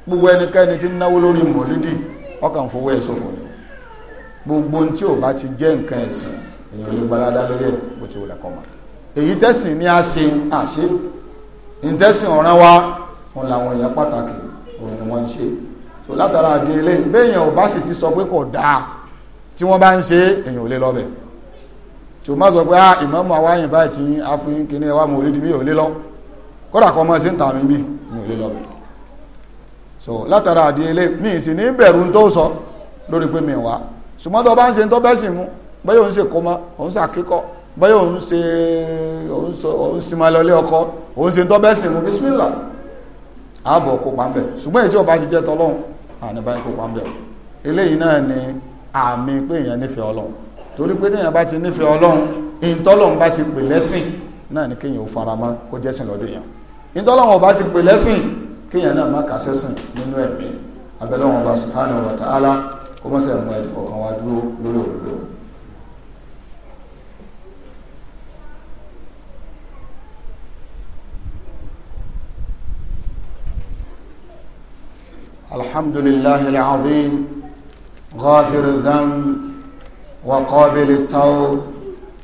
gbogbo ẹnikẹ́ni tí ń náwó lórí mọ̀lídì ọkàn fowó ẹ̀ ṣòfò ni gbogbo ohun tí ò ti jẹ́ nǹkan ẹ̀sìn èyàn lè gbalada lórí ẹ̀ bó ti wùlẹ̀ kọ́ mọ́ èyí tẹ̀sìn ni a ṣe àṣe ìtẹ̀sìn ọ̀ràn wa wọn làwọn èèyàn pàtàkì òun ni wọ́n ń ṣe so látara àdé eléyìí béèyàn ò bá sì ti sọ pé kò dáa tí wọ́n bá ń ṣe èèyàn ò lè lọ́bẹ̀ tí o má sọ pé ah ìmọ̀mọ̀ àwáyìn báyìí tí afúnyín kìíní ẹwà mọ̀ orídìí mi ò lè lọ kódà kọ́ mọ́ sí ń tàmí bí mi ò lè lọ́bẹ̀ so látara àdé eléyìí mi ì sì ní bẹ̀rù tó sọ lórí pé mi wá ṣùgbọ́n tó bá ń ṣe tó bẹ́sìn mú bẹ́ẹ̀ òun ṣe kó mọ́ òun ṣàkíkọ́ bẹ́ẹ̀ òun ṣe òun ṣe òun ṣe máa ọkọ òun ṣe tó bẹ́sìn mú bísímìlà àbọ̀ kópa ńbẹ̀ ṣùgbọ́n èyí tí ọba ti jẹ́ tọlọ́run àníbá yín kópa ńbẹ̀ eléyìí náà ni àmì pé èèyàn nífẹ̀ẹ́ ọlọ́run torí pé téèyàn bá ti nífẹ̀ẹ́ ọlọ́run ìtọ́lọ́run bá ti pè lẹ́sìn náà ni kéèyàn ò fara mọ́ kó jẹ́sìn lọ́dọ̀ èèyàn ìtọ́lọ́run ọba ti pè lẹ́sìn kéèyàn náà má kà sẹ́sìn nínú ẹ̀mí abẹ́lẹ́wọ̀n ọba subhanahu wa ta'ala kó mọ́sẹ̀ mọ́ ẹ̀dùn kọ̀ọ̀kan wá dúró lórí òdodo الحمد لله العظيم غافر الذنب وقابل التوب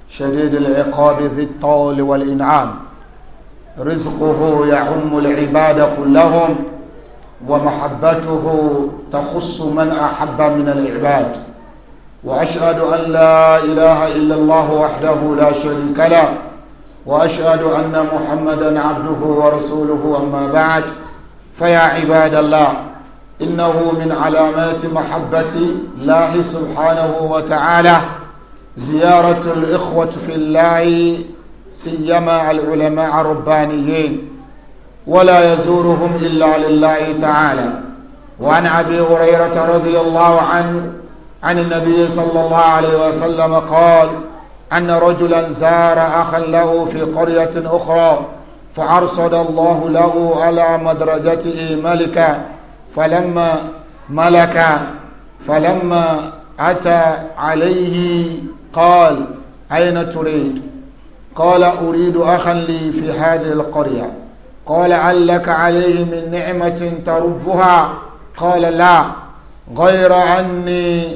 شديد العقاب ذي الطول والإنعام رزقه يعم العباد كلهم ومحبته تخص من أحب من العباد وأشهد أن لا إله إلا الله وحده لا شريك له وأشهد أن محمدا عبده ورسوله أما بعد فيا عباد الله إنه من علامات محبة الله سبحانه وتعالى زيارة الإخوة في الله سيما العلماء الربانيين ولا يزورهم إلا لله تعالى وعن أبي هريرة رضي الله عنه عن النبي صلى الله عليه وسلم قال أن رجلا زار أخا له في قرية أخرى فأرصد الله له على مدرجته ملكا فلما ملك فلما أتى عليه قال أين تريد قال أريد أخا لي في هذه القرية قال علك عليه من نعمة تربها قال لا غير أني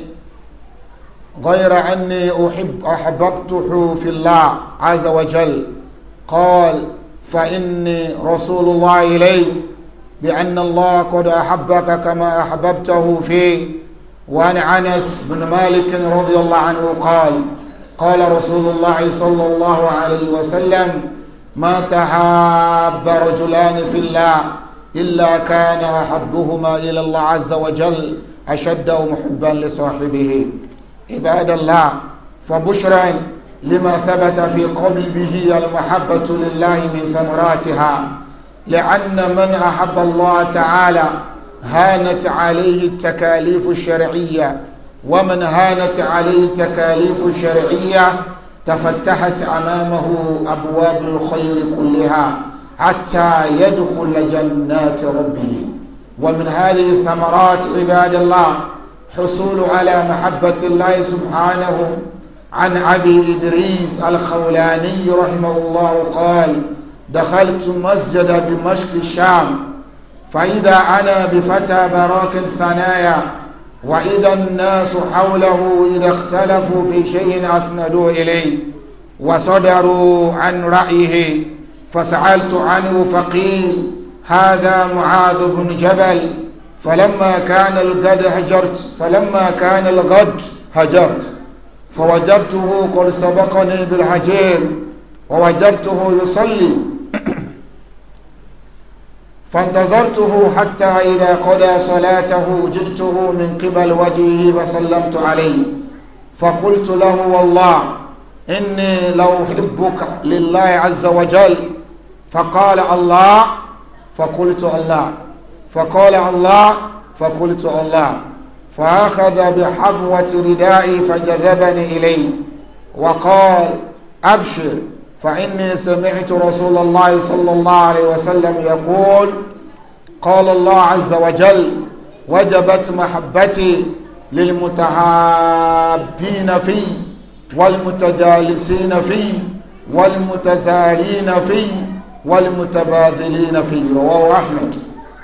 غير أني أحب أحببته في الله عز وجل قال فإني رسول الله إليك بأن الله قد أحبك كما أحببته فيه وعن عنس بن مالك رضي الله عنه قال قال رسول الله صلى الله عليه وسلم ما تحاب رجلان في الله إلا كان أحبهما إلى الله عز وجل أشدهم حبا لصاحبه عباد الله فبشرا لما ثبت في قلبه المحبة لله من ثمراتها لأن من أحب الله تعالى هانت عليه التكاليف الشرعية ومن هانت عليه التكاليف الشرعية تفتحت أمامه أبواب الخير كلها حتى يدخل جنات ربه ومن هذه الثمرات عباد الله حصول على محبة الله سبحانه عن أبي إدريس الخولاني رحمه الله قال دخلت مسجد دمشق الشام فإذا أنا بفتى براك الثنايا وإذا الناس حوله إذا اختلفوا في شيء أسندوا إليه وصدروا عن رأيه فسألت عنه فقيل هذا معاذ بن جبل فلما كان الغد هجرت فلما كان الغد هجرت فوجدته قد سبقني بالهجير ووجدته يصلي فانتظرته حتى إذا قضى صلاته جئته من قبل وجهه فسلمت عليه فقلت له والله إني لو أحبك لله عز وجل فقال الله فقلت الله فقال الله فقلت الله فأخذ بحبوة ردائي فجذبني إليه وقال أبشر فإني سمعت رسول الله صلى الله عليه وسلم يقول قال الله عز وجل وجبت محبتي للمتحابين في والمتجالسين في والمتسالين في والمتباذلين في رواه أحمد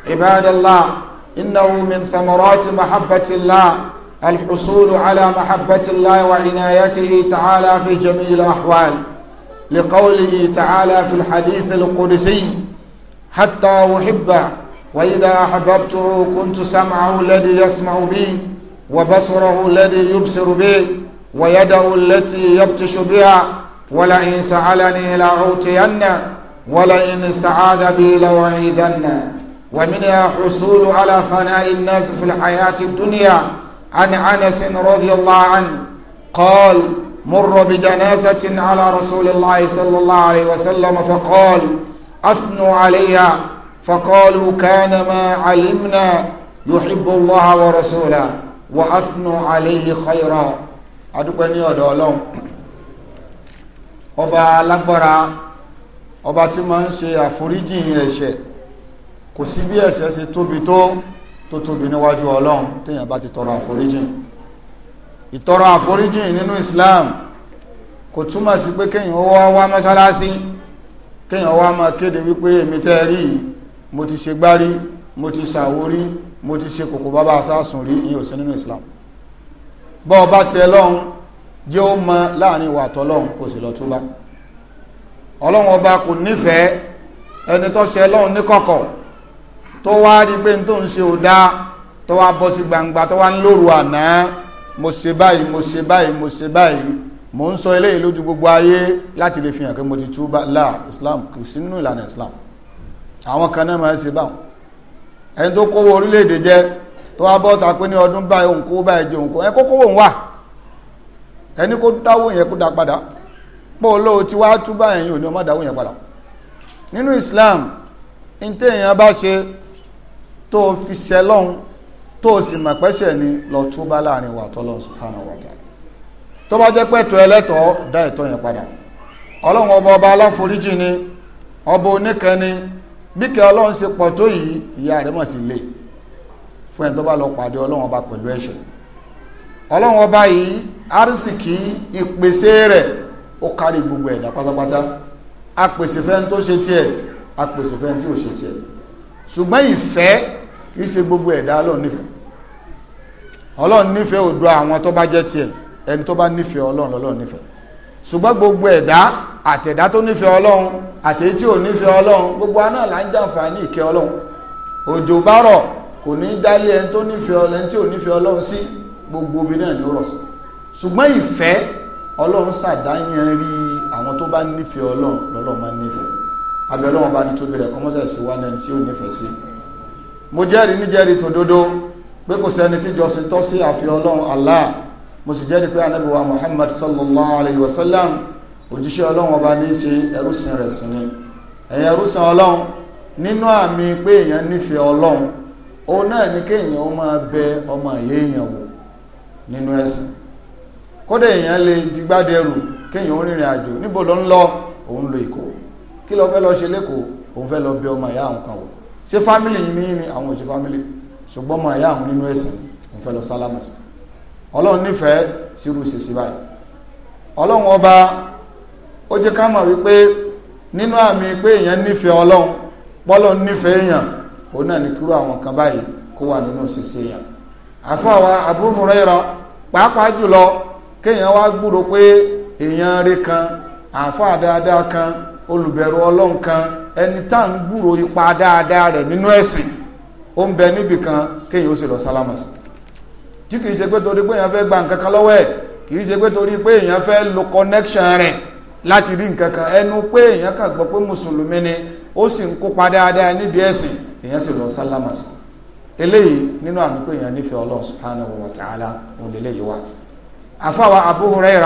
عباد الله إنه من ثمرات محبة الله الحصول على محبة الله وعنايته تعالى في جميع الأحوال لقوله تعالى في الحديث القدسي حتى أحبه وإذا أحببته كنت سمعه الذي يسمع بي وبصره الذي يبصر به ويده التي يبتش بها ولئن سألني لأعطينه ولئن استعاذ بي لأعيذنه ومنها حصول على فناء الناس في الحياة الدنيا عن أنس رضي الله عنه قال مر بجنازة على رسول الله صلى الله عليه وسلم فقال أثنوا عليها فقالوا كان ما علمنا يحب الله ورسوله وأثنوا عليه خيرا أدوكني أدولهم ọba alágbára ọba tí ma ń ṣe àforíjì ẹ̀ṣẹ̀ kò sí bí ẹ̀ṣẹ̀ ṣe tóbi tó tó tóbi níwájú ọlọ́run téèyàn bá ìtọrọ àforíjì nínú Islam kò túmọ̀ sí pé kéèyàn ó wá wá mọ́sálásí kéèyàn wá máa kéde wípé èmi tẹ́ rí mo ti ṣe gbárí mo ti ṣàwórí mo ti ṣe kòkò bàbá asásùn rí ìyẹn ò nínú Islam bọ́ ọ bá ṣe lọ́hun jẹ́ ó mọ láàrin ìwà àtọ́lọ́hun kò sì lọ túbá ọlọ́run ọba kò nífẹ̀ẹ́ ẹni tó ṣe lọ́hun níkọ̀kọ̀ tó wá rí pé n tó ń ṣe ò dáa tó wá bọ́ sí gbangba tó wá ń lóru àná mo ṣe báyìí mo ṣe báyìí mo ṣe báyìí mo ń sọ eléyìí lójú gbogbo ayé láti lè fi hàn pé mo ti túbà láà islam kò sí nínú ìlànà islam àwọn kan náà máa ń ṣe báwọn ẹni tó kówó orílẹ̀-èdè jẹ tó wá bọ́ ta pé ní ọdún báyìí òun kó báyìí jẹ òun kó ẹ kó kówó òun wà ẹni kó dáwó yẹn kó dá padà pọ̀ olóò tí wàá túbà ẹ̀yìn òní ọmọ dáwó yẹn padà nínú islam ní téèyàn bá ṣe tó fi ṣẹlọ́hún tó o sì mọ̀ pẹ́sẹ̀ ni lọ túbá láàrin wa tọ́lọ́ subhanahu wa tó bá jẹ́ pẹ́tọ́ ẹlẹ́tọ̀ọ́ dá ẹ̀tọ́ yẹn padà ọlọ́run ọba ọba aláforíjì ni ọba oníkẹni bíkẹ́ ọlọ́run ṣe pọ̀ tó yìí ìyá rẹ̀ mọ̀ sí lè fún ẹni tó bá lọ pàdé ọlọ́run ọba pẹ̀lú ẹ̀ṣẹ̀ ọlọ́run ọba yìí arísìkí ìpèsè rẹ̀ ó gbogbo ẹ̀dá pátápátá apèsè fẹ́ni tó ṣe tiẹ̀ apèsè fẹ́ni tí ò ṣe kìí ṣe gbogbo ẹ̀dá ọlọ́run nífẹ̀ẹ́ ọlọ́run nífẹ̀ẹ́ òdo àwọn tó bá jẹ́ tiẹ̀ ẹni tó bá nífẹ̀ẹ́ ọlọ́run lọ́lọ́run nífẹ̀ẹ́ ṣùgbọ́n gbogbo ẹ̀dá àtẹ̀dá tó nífẹ̀ẹ́ ọlọ́run àtẹ̀yí tí ò nífẹ̀ẹ́ ọlọ́run gbogbo aná là ń jàǹfààní ìkẹ́ ọlọ́run òjò bá rọ̀ kò ní dálé ẹni tó nífẹ̀ẹ́ ọlọ́run tí ò nífẹ̀ẹ́ ọlọ́run sí gbogbo omi náà ni ó rọ̀ sí ṣùgbọ́n ìfẹ́ ọlọ́run ṣàdáyàn rí àwọn tó bá nífẹ̀ẹ́ ọlọ́run lọ́lọ́run máa nífẹ̀ẹ́ abẹ́ ọlọ́run bá ní tóbi rẹ̀ kọ́mọ́sẹ̀ sí wá ní ẹni tí ò nífẹ̀ẹ́ sí mo jẹ́rìí níjẹ́rìí tòdodo pé kò sẹ́ni tí jọ́sìn tọ́ sí àfi ọlọ́run Allah mo sì jẹ́rìí pé ànábì Muhammad sallallahu alayhi wa sallam òjíṣẹ́ ọlọ́run ọba ní í ṣe ẹrúsìn rẹ̀ sí ni ẹ̀yin ẹrúsìn ọlọ́run nínú àmì pé èèyàn nífẹ̀ẹ́ ọlọ́run òun náà ní kéèyàn ó máa bẹ ọmọ àyè èèyàn wò nínú ẹ̀sìn kódà èèyàn lè digbádẹrù kéèyàn ó rìnrìn àjò níbo ló ń lọ òun lo ìkó kí ló fẹ́ lọ ṣe lẹ́kọ̀ọ́ òun fẹ́ lọ bẹ ọmọ ìyá àwọn kan wò ṣé fámìlì yìí ní àwọn òṣè fámìlì ṣùgbọ́n mọ̀ ẹ̀yà àwọn nínú ẹ̀sìn ìfẹ́ lọ sálámàsì ọlọ́run nífẹ̀ẹ́ sírú ìṣèṣì báyìí ọlọ́run ọba ó jẹ́ ká mọ̀ wípé nínú àmì pé èèyàn nífẹ̀ẹ́ ọlọ́run pọ́lọ́ nífẹ̀ẹ́ èèyàn òun náà ní kúrò àwọn kan báyìí kó wà nínú ìṣèṣì èèyàn àfọwà Abu Hurairah pàápàá jùlọ kéèyàn wá gbúrò pé èèyàn rí kan àfọ àdáadáa kan olùbẹ̀rù ọlọ́run ẹni tá ń gbúrò ipa dáadáa rẹ̀ nínú ẹ̀sìn ó ń bẹ níbì kan kéèyàn ó sì lọ sálámà sí tí kìí ṣe pé torí pé èèyàn fẹ́ gba nǹkan kan lọ́wọ́ ẹ̀ kìí ṣe pé torí pé èèyàn fẹ́ lo connection rẹ̀ láti rí nǹkan kan ẹnu pé èèyàn kàn gbọ́ pé mùsùlùmí ni ó sì ń kópa dáadáa nídìí ẹ̀sìn èèyàn sì lọ wa òun lè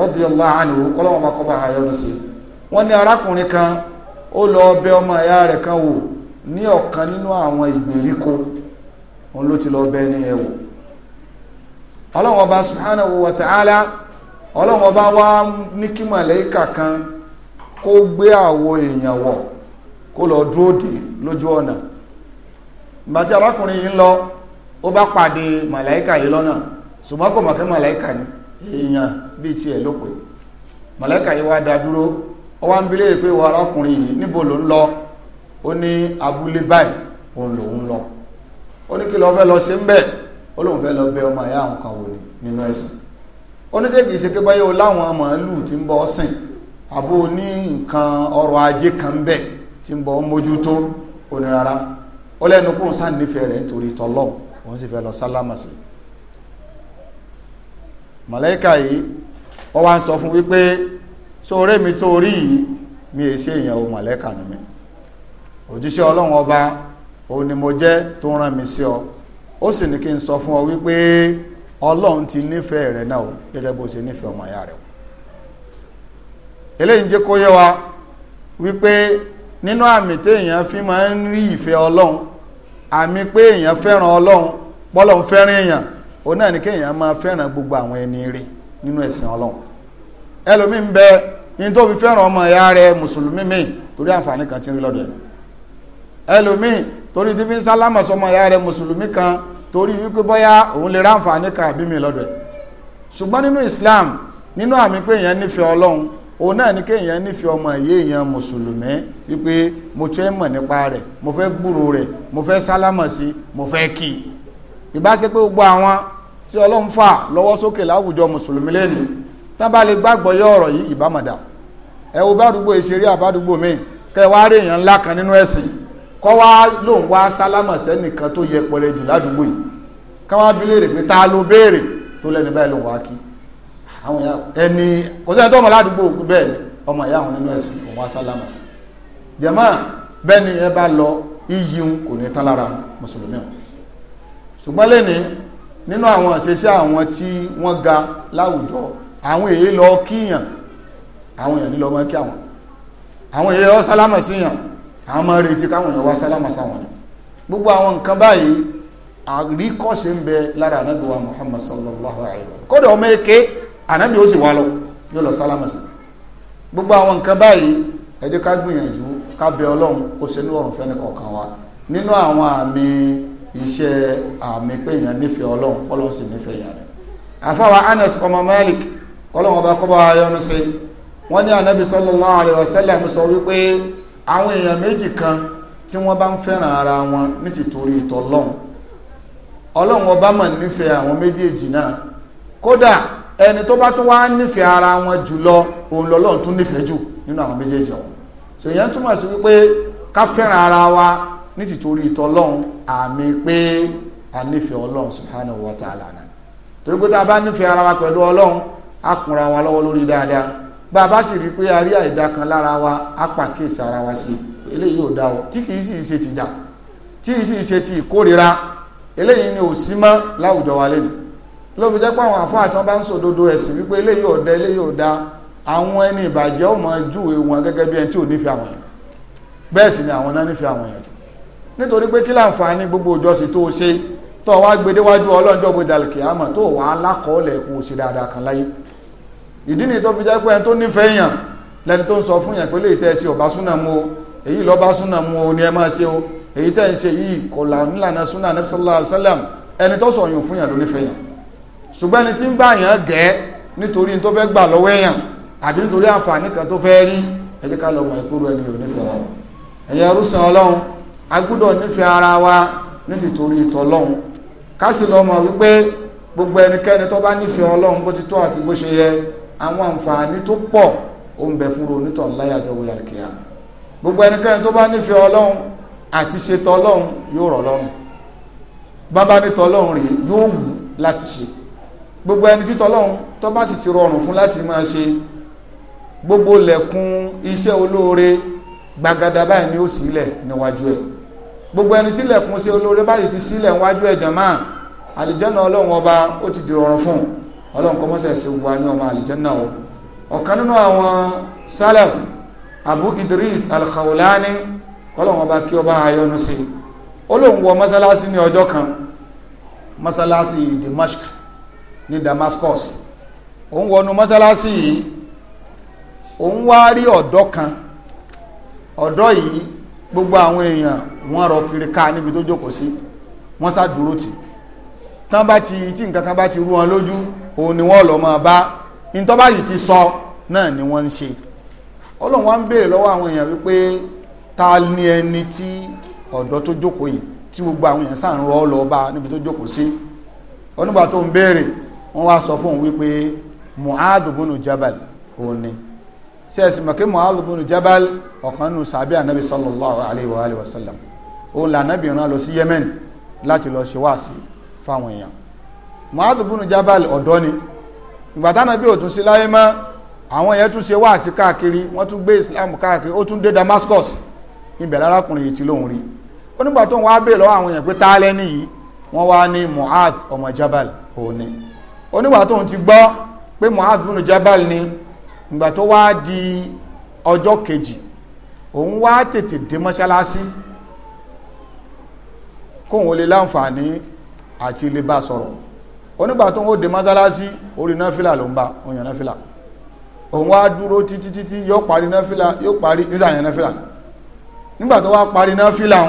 léyìí wá kọ́lọ́wọ́n bá kọ́ bá ó lọ bẹ ọmọ ẹ̀yà rẹ̀ kan wò ní ọ̀kan nínú àwọn ìgbèríko òun ló ti lọ bẹ ní ẹ̀wò ọlọ́run ọba subhanahu ala ta'ala ọlọ́run ọba wá ní kí kan kó gbé àwo èèyàn wọ̀ kó lọ dúró dè lójú ọ̀nà bàtí arákùnrin yìí ń lọ ó bá pàdé màlẹ́kà yìí lọ́nà ṣùgbọ́n kò mọ̀ kí màlẹ́kà ni èèyàn bíi ọwọ́ ń bilé pé wọ́n arákùnrin yìí níbo ló ń lọ ó ní abúlé báyìí òun lòun lọ ó ní kí lọ fẹ́ lọ ṣe ń bẹ̀ ó lóun fẹ́ lọ bẹ ọmọ ìyá àwọn kan wò ní nínú ẹ̀sìn ó ní tẹ́kì ṣe pé báyọ̀ láwọn màálù ti ń bọ́ sìn àbó ní nǹkan ọrọ̀ ajé kan bẹ̀ mójútó ó ní rárá ó lẹ́nu nífẹ̀ẹ́ rẹ̀ nítorí lọ so mi tó rí yìí mi è ṣe èèyàn o mọ̀lẹ́kà ni mi òjíṣẹ́ ọlọ́run ọba òun ni mo jẹ́ tó rán mi sí ọ ó sì ní kí n sọ fún ọ wípé ọlọ́run ti nífẹ̀ẹ́ rẹ náà gẹ́gẹ́ bó ṣe nífẹ̀ẹ́ ọmọ ìyá rẹ eléyìí jẹ́ kó yé wa wípé nínú àmì téèyàn fi máa ń rí ìfẹ́ ọlọ́run àmì pé èèyàn fẹ́ràn ọlọ́run pọ́lọ́run fẹ́ràn èèyàn òun náà ni kéèyàn máa fẹ́ràn gbogbo àwọn ẹni rí nínú ẹ̀sìn ọlọ́run ẹlòmí ń bẹ ní tó fi fẹ́ràn ọmọ ìyá rẹ̀ mùsùlùmí mi torí àǹfààní kan ti rí lọ́dọ̀ ẹ̀ ẹlòmí torí tí fi ń sálámà sọmọ ìyá rẹ̀ mùsùlùmí kan torí wípé bọ́yá òun lè ráǹfààní kan àbí mi lọ́dọ̀ ẹ̀ ṣùgbọ́n nínú Islam nínú àmì pé èèyàn nífẹ̀ẹ́ Ọlọ́run òun náà ní kéèyàn nífẹ̀ẹ́ ọmọ ìyé èèyàn mùsùlùmí wípé mo tẹ́ mọ̀ nípa rẹ̀ mo fẹ́ gbúrò rẹ̀ mo fẹ́ sálámà sí mo fẹ́ kí ìbá ṣe gbogbo àwọn tí Ọlọ́run fà lọ́wọ́ sókè láwùjọ mùsùlùmí lẹ́nìí tán bá lè gbàgbọ́ yọ ọ̀rọ̀ yìí ìbámadà ẹ wo bádùgbò ìṣeré àbádùgbò míì kẹ wá rí èèyàn ńlá kan nínú ẹ̀sìn kọ́ wá lòun wá sálámà sẹ́nìkan tó yẹ pẹrẹ jù ládùúgbò yìí ká wá bi léèrè pé ta ló béèrè tó lẹ́ni báyìí lòun wá kí àwọn ìyá ẹni kò sẹ́ni tó ọmọ ládùúgbò bẹ́ẹ̀ ni ọmọ ìyá àwọn nínú ẹ̀sìn òun wá sálámà sí jẹ̀mọ́ bẹ́ẹ̀ ẹ bá lọ iyì kò ní tán lára mùsùlùmí ọ̀ ṣùgbọ́n lẹ́ni nínú àwọn àṣeṣe àwọn tí wọ́n ga láwùjọ àwọn èyí lọ kíyàn àwọn èyàn lọ mọ́ kí àwọn àwọn èyí lọ sálámà síyàn àwọn máa tí káwọn èyàn wá sálámà sáwọn ni gbogbo àwọn nǹkan báyìí àríkọ́ṣe ń bẹ lára ànábì wa Muhammad sallallahu alayhi wa ọmọ èké o. lọ nínú àwọn àmì iṣẹ́ àmì pé èèyàn ọlọ́run kọ́lọ́wọ́n bá kọ́bọ̀ ayọ́nu sí wọ́n ní ànábì sallallahu alaihi wasallam sọ wípé àwọn èèyàn méjì kan tí wọ́n bá ń fẹ́ràn ara wọn ní tìtorí ìtọ́lọ́run ọlọ́run ọba mọ̀ nífẹ̀ẹ́ àwọn méjèèjì náà kódà ẹni tó bá tún wá nífẹ̀ẹ́ ara wọn jùlọ òun lọ́lọ́run tún nífẹ̀ẹ́ jù nínú àwọn méjèèjì ọ̀hún so èèyàn túmọ̀ sí wípé ká fẹ́ràn ara wa ní tìtorí ìtọ́lọ́run àmì pé a nífẹ̀ẹ́ ọlọ́run subhanahu wa ta'ala náà torí pé tá a bá nífẹ̀ẹ́ ara wa pẹ̀lú ọlọ́run á kúnra wa lọ́wọ́ lórí dáadáa bá a bá sì rí pé a rí àìdá kan lára wa á pàkíyèsí ara wa sí eléyìí ò dá o tí kìí sì ṣe ti dà tí kìí sì ṣe ti ìkórira eléyìí ni ò sí mọ́ láwùjọ wa lẹ́nu ló fi jẹ́ pé àwọn àfáà tí wọ́n bá ń sòdodo ẹ̀sìn wípé eléyìí ò dá eléyìí ò dá àwọn ẹni ìbàjẹ́ ò mọ júwe wọn gẹ́gẹ́ bí ẹni tí ò nífẹ̀ẹ́ àwọn yẹn bẹ́ẹ̀ sì ni àwọn náà nífẹ̀ẹ́ àwọn yẹn nítorí pé kí láǹfààní gbogbo òjọsìn tó o ṣe tó wá gbedéwájú ọlọ́njọ́ gbé dalẹ̀ kìámọ̀ tó wà á lákọọ́lẹ̀ kó o dáadáa kan láyé ìdí ni tó fi jẹ́ pé ẹni tó nífẹ̀ẹ́ èèyàn lẹni tó ń sọ fún yàn pé léyìí tẹ́ ẹ ṣe ọ̀bá súnà mu o èyí lọ́bá súnà mu o ni ẹ máa ṣe o èyí tẹ́ ń ṣe yìí kò lànà súnà Ànábì sallallahu alaihi wasallam ẹni tó sọ yùn fún yàn ló nífẹ̀ẹ́ yàn ṣùgbọ́n ẹni tí ń bá yàn gẹ́ nítorí tó fẹ́ gbà lọ́wọ́ èèyàn àbí nítorí àǹfààní kan tó fẹ́ rí ẹ jẹ́ ká lọ mọ̀ ìkúrú ẹni ò nífẹ̀ẹ́ ara ẹ̀yẹ rúṣin ọlọ́run a gbọ́dọ̀ nífẹ̀ẹ́ ara wa ní tìtorí ìtọ́lọ́run ká sì lọ wípé gbogbo ẹnikẹ́ni tó bá nífẹ̀ẹ́ ọlọ́run bó ti tó àti bó ṣe yẹ àwọn àǹfààní tó pọ̀ ó ń bẹ fún ronítọ̀ láyàjọ wòye àkìyà gbogbo ẹnikẹ́ni tó bá nífẹ̀ẹ́ ọlọ́run àti ṣetọ́ ọlọ́run yóò rọ̀ lọ́rùn bábá nítọ́ ọlọ́run rèé yóò wù láti ṣe gbogbo ẹni títọ́ ọlọ́run tó bá sì ti rọrùn fún láti máa ṣe gbogbo lẹ̀kùn iṣẹ́ olóore gbagada báyìí ni ó sílẹ̀ níwájú ẹ̀ gbogbo ẹni tí lẹ̀kùn iṣẹ́ olóore báyìí ti sílẹ̀ níwájú ẹ̀ jàmáà àlìjẹ́nà ọlọ́run ọba ó ti di rọrùn fún un ọlọ́run kọ́ mọ́sẹ̀ sí wa ní ọmọ àlìjẹ́nà o ọ̀kan nínú àwọn salaf abu idris al-khawlani kọ́lọ́run ọba kí ọba ayọ́nu sí olóhùn masalasi mọ́sálásí ní ọjọ́ kan mọ́sálásí dimashq ní damascus òun wọnú masalasi yìí òun wá rí ọ̀dọ́ kan ọ̀dọ́ yìí gbogbo àwọn èèyàn wọ́n rọ kiri ká níbi tó jókòó sí wọ́n sá dúró tì tán bá ti tí nǹkan kan bá ti rú wọn lójú òun ni wọ́n lọ máa bá ìtọ́bá yìí ti sọ náà ni wọ́n ń ṣe ọlọ́run wá ń béèrè lọ́wọ́ àwọn èèyàn wípé ta ni ẹni tí ọ̀dọ́ tó jókòó yìí tí gbogbo àwọn èèyàn sáà ń rọ́ lọ bá níbi tó jókòó sí onígbà tó ń béèrè wọ́n wá sọ fóun wípé Mu'adh bunu Jabal òun ni ṣe ẹ̀sìn mọ̀ kí Mu'adh bunu Jabal ọ̀kan nù sàbí ànábì sallallahu alayhi wa alihi wa sallam òun làǹábì rán lọ sí Yemen láti lọ ṣe wáàsí fáwọn èèyàn mu'adh bin jabal ọ̀dọ́ ni ìgbàtánà bí òtún sí láyé mọ́ àwọn yẹn tún ṣe wáàsí káàkiri wọ́n tún gbé islam káàkiri ó tún dé damascus ibẹ̀ lárákùnrin yìí ti lóhun rí onígbà tó ń wá bèè lọ́wọ́ àwọn èèyàn pé táálẹ́ nìyí wọ́n wá ní mu'adh ọmọ jabal òun ni onígbà tó ń ti gbọ́ pé mu'adh bin jabal ni ìgbà tó wá di ọjọ́ kejì òun wá tètè dé mọ́ṣáláṣí kóun ó lè láǹfààní àti lè bá sọ̀rọ̀ onígbà tó ń ó de mọ́sálásí orí náfìlà ló ń bá òun yàn náfìlà òun wá dúró títí títí yóò parí náfìlà yóò parí nísàyàn náfìlà nígbà tó wá parí náfìlà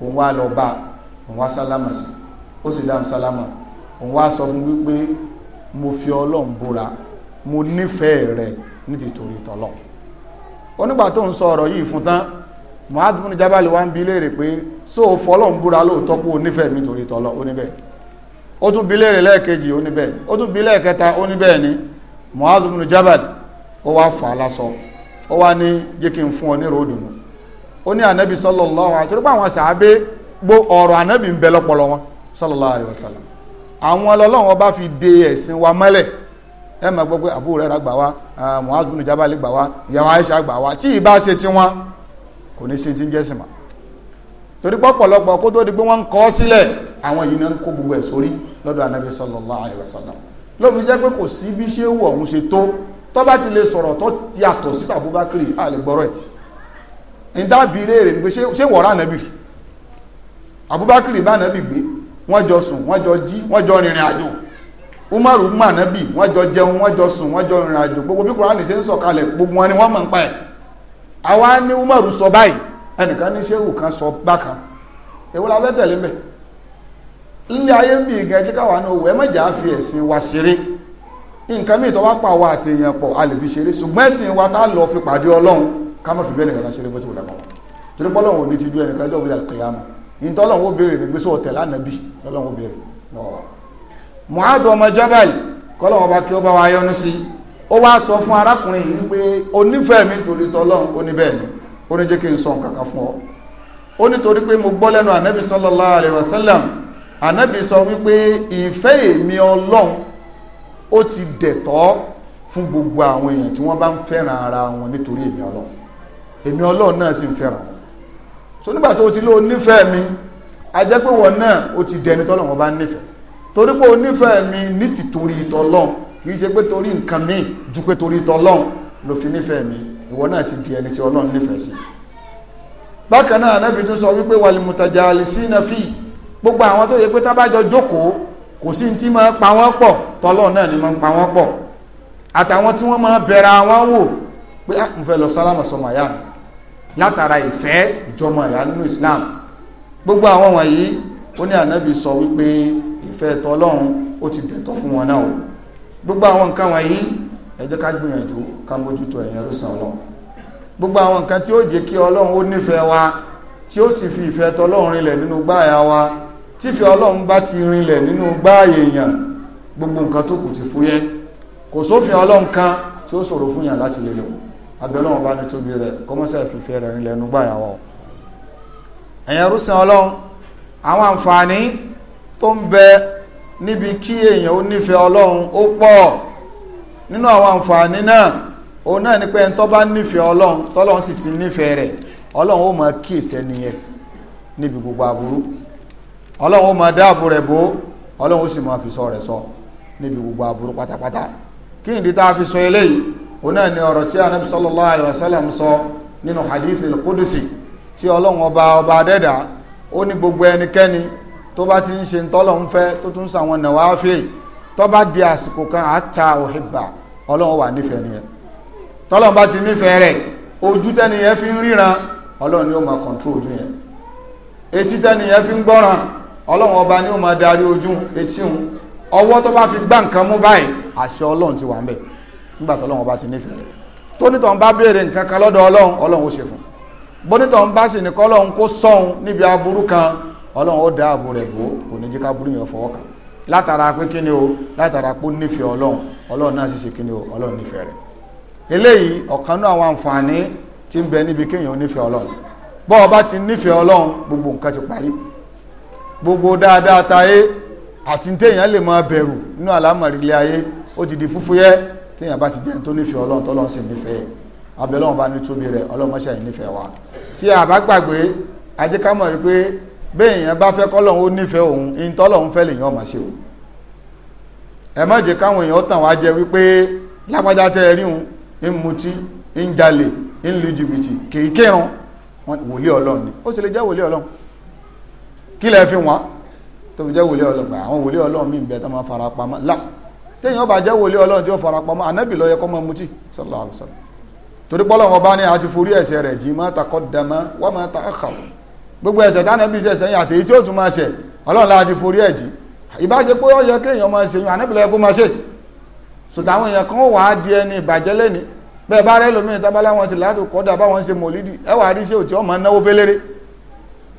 òun wá lọ bá òun wá sálámà sí ó sì dáhùn sálámà òun wá sọ fún wípé mo fi ọlọ́run búra mo nífẹ̀ẹ́ rẹ ní ti torí tọ́lọ̀ onígbà ń sọ ọ̀rọ̀ yìí fún tán Mu'adh bin Jabal wá ń bi léèrè pé sóò fọlọ́run búra lóòótọ́ pé o nífẹ̀ẹ́ mi torí tọ́lọ̀ ó níbẹ̀ ó tún bi léèrè lẹ́ẹ̀kejì ó ní bẹ́ẹ̀ ni ó tún bi lẹ́ẹ̀kẹta ó ní bẹ́ẹ̀ ni Mu'adh Jabal ó wá fà á lásọ ó wá ní jẹ́ kí n fún ọ ní ó ní àwọn sàábé gbó ń bẹ wọn sallallahu alaihi àwọn bá fi de wa mẹlẹ ẹ máa pé gbà wá Jabal gbà wá ìyàwó Aisha gbà wá tí ṣe ti àwọn yìí náà ń kó gbogbo ẹ̀ sórí lọ́dọ̀ anabi sallallahu alayhi wa sallam lóbi jẹ́ pé kò sí bí ṣé wù ọ̀hún ṣe tó tó bá ti lè sọ̀rọ̀ tó yàtọ̀ sí Abubakar a gbọ́rọ̀ ẹ̀ ń dábìí léèrè ni pé ṣé wọ̀rọ̀ anabi rí Abubakar bá anabi gbé wọ́n jọ sùn wọ́n jọ jí wọ́n jọ rìnrìn àjò umaru ma nabi wọ́n jọ jẹun wọ́n jọ sùn wọ́n jọ rìnrìn àjò gbogbo bí kùránì ṣe ń sọ̀kalẹ̀ gbogbo wọn ni wọ́n mọ̀ ń pa ẹ̀ àwa ní umaru sọ báyìí ẹnìkan ní ṣéwù kan sọ bákan èwo la fẹ́ tẹ̀lé mẹ́ nílé ayé ń bí ìgẹ́ jẹ́ káwà ní owó ẹ mọ́jà fi ẹ̀sìn wa ṣeré nǹkan míì tó wá pa wa àti èèyàn pọ̀ a lè fi ṣeré ṣùgbọ́n ẹ̀sìn wa tá lọ fi pàdé ọlọ́run ká má fi bẹ́ẹ̀ nìkan ṣeré bó ti wùlẹ̀ wọn torí pé ọlọ́run ò ní ti dú ẹnìkan ẹjọ́ ìwé àkẹyàmù ní tó ọlọ́run ó béèrè ní gbésọ̀ tẹ̀ lánàbí ọlọ́run ó béèrè lọ́wọ́ wa ọmọ ànábì sọ wípé ìfẹ́ èmi ọlọ́run ó ti dẹ̀tọ́ fún gbogbo àwọn èèyàn tí wọ́n bá ń fẹ́ràn ara wọn nítorí èmi ọlọ́run èmi ọlọ́run náà sì ń fẹ́ràn wọn so nígbà tó ti ló nífẹ̀ẹ́ mi a jẹ́ pé wọn náà ó ti dẹni tọ́lọ̀ wọn bá nífẹ̀ẹ́ torí pé o nífẹ̀ẹ́ mi ní ti torí ìtọ́lọ́run kì í ṣe pé torí nǹkan míì ju pé torí ìtọ́lọ́run ló fi nífẹ̀ẹ́ mi ìwọ náà ti di ẹni tí ọlọ́run nífẹ̀ẹ́ sí bákan náà anábì tún sọ wípé wàlìmùtàjà àlìsí náà fìyì gbogbo àwọn tó yẹ pé tábàjọ jókòó kò sí tí máa pa wọ́n pọ̀ tọ́lọ́ náà ni máa pa wọ́n pọ̀ àtàwọn tí wọ́n máa bẹ̀rẹ̀ àwọn wò pé ah mo fẹ́ lọ sálámà sọmọ àyà látara ìfẹ́ ìjọmọ àyà nínú Islam gbogbo àwọn wọ̀nyí ó ní ànábì sọ wípé ìfẹ́ tọ́lọ́run ó ti bẹ̀tọ̀ fún wọn náà o gbogbo àwọn nǹkan wọ̀nyí ẹ jẹ́ ká gbìyànjú ká mójútó ẹ̀yìn ẹrúsàn ọlọ́run gbogbo àwọn nǹkan tí ó jẹ́ kí ọlọ́run ó nífẹ̀ẹ́ wa tí ó sì fi ìfẹ́ tọ́lọ́run rinlẹ̀ nínú gbáàyà wa fi ọlọ́run bá ti rinlẹ̀ nínú gbáàyè èèyàn gbogbo nǹkan tó kù ti fúyẹ́ kò sófin ọlọ́run kan tí ó sọ̀rọ̀ fún yàn láti lè lò abẹ́lọ́run bá ní tóbi rẹ̀ kọ́mọ́sẹ̀ fífẹ́ rẹ̀ rinlẹ̀ nínú ẹ̀yàn rúsìn ọlọ́run àwọn àǹfààní tó ń bẹ níbi kí èèyàn ó ọlọ́run ó pọ̀ nínú àwọn àǹfààní náà òun náà ọlọ́run ó máa dáàbò rẹ̀ bó ọlọ́run ó sì máa fi sọ rẹ̀ sọ níbi gbogbo aburú pátápátá kí nìdí tá a fi sọ eléyìí òun náà ni ọ̀rọ̀ tí anabi sallallahu alayhi wa sallam sọ nínú hadithi kudusi tí ọlọ́run ọba ọba adẹ́dà ó ní gbogbo ẹnikẹ́ni tó bá ti ń ṣe ń tọ́lọ̀ ń fẹ́ tó tún sàwọn nàwáfíì tó bá di àsìkò kan àta òhìbà ọlọ́run wà nífẹ̀ẹ́ nìyẹn tọ́lọ̀ bá ti nífẹ̀ẹ́ rẹ̀ ojú tẹ́niyẹn fi ń ríran ọlọ́run ni ó máa kọ̀ntró ojú yẹn etí tẹ́niyẹn fi ń gbọ́ràn ọlọ́run ọba ni ó máa darí ojú etí òun ọwọ́ tó bá fi gbá nǹkan mú báyìí àṣẹ ọlọ́run ti wà ń bẹ̀ nígbà tó ọlọ́run ọba ti nífẹ̀ẹ́ rẹ̀ tó nítọ̀ ń bá béèrè nǹkan kan lọ́dọ̀ ọlọ́run ọlọ́run ó ṣe fún bó nítọ̀ ń bá sì ní kọ́lọ́run kó sọ́hun níbi aburú kan ọlọ́run ó dáàbò rẹ̀ bò kò ní jíká burú yẹn fọwọ́ kan látara pé kí ni o látara pé ó nífẹ̀ẹ́ ọlọ́run ọlọ́run náà sì ṣe kí ni o ọlọ́run nífẹ̀ẹ́ rẹ̀ eléyìí ọ̀kan náà àwọn àǹfààní ti ń bẹ níbi kéèyàn nífẹ̀ẹ́ ọlọ́run bọ́ọ̀ bá ti nífẹ̀ẹ́ ọlọ́run gbogbo nǹkan ti parí gbogbo dáadáa tayé àti téèyàn lè máa bẹ̀rù nínú àlámọ̀rílé ayé ó ti di fúfúyẹ́ téèyàn bá ti jẹ́ tó nífẹ̀ẹ́ ọlọ́run tọ́lọ́run sì nífẹ̀ẹ́ abẹ́lọ́run bá ní tóbi rẹ̀ ọlọ́mọṣẹ́ yìí nífẹ̀ẹ́ wa tí a bá gbàgbé ajé ká mọ̀ wípé béèyàn bá fẹ́ kọ́lọ́run ó nífẹ̀ẹ́ òun in tọ́lọ́run fẹ́ lèyàn ọmọ ṣe o ẹ má jẹ́ káwọn èèyàn tàn wá jẹ wípé lápájá tẹ́ ẹ ríhun ń mutí ń jalè ń lu jìbìtì kìí kírun wòlíì ọlọ́run ni ó sì lè jẹ́ wòlíì ọlọ́run kí lẹ fi wọn tó fi jẹ́ wòlé ọlọ́gbà àwọn wòlé ọlọ́run mi bẹ̀ tó máa fara pamọ́ là téèyàn ọba jẹ́ wòlé ọlọ́run tí ó fara pamọ́ ànábì ló yẹ kó máa mutí sallallahu alaihi wasallam torí pọ́lọ́ wọn bá ní àti forí ẹ̀ṣẹ̀ rẹ̀ jì má taqaddama wa má ta'akhkhara gbogbo ẹ̀ṣẹ̀ tánàbì ṣẹ̀ sẹ́yìn àtèyí tí ó tún máa ṣẹ̀ ọlọ́run láti forí ẹ̀ jì ìbáṣe pé ó yẹ kéèyàn máa ṣe yun ànábì ló yẹ kó máa ṣe sùtà àwọn bá rẹ́ lómi ìtabalá wọn ti látòkọ́dà báwọn ṣe mọ̀lídìí ẹwà àríṣe òtí ọmọ náwó fẹ́lẹ́rẹ́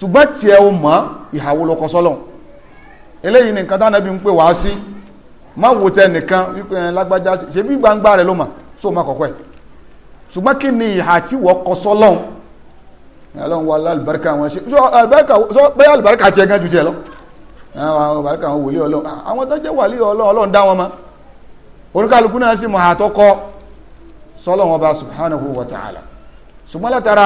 ṣùgbọ́n tiẹ̀ o mọ̀ ìhàwó ló kọ sọ́lọ̀ eléyìí nìkan táwọn ẹbí ń pè wá sí má wo tẹ nìkan wípé ẹ lágbájá ṣe bí gbangba rẹ ló mà sóò má kọ̀kọ́ ẹ̀ ṣùgbọ́n kí ni ìhà tí wọ́n kọ sọ́lọ̀ ọlọ́run wa alùbáríkà wọn ṣe sọ pé alùbáríkà tiẹ̀ gan ju tiẹ̀ lọ àwọn alùbáríkà wọn wòlíì ọlọ́run àwọn tó jẹ́ wàlíì subhanahu wa ta'ala ṣùgbọ́n látara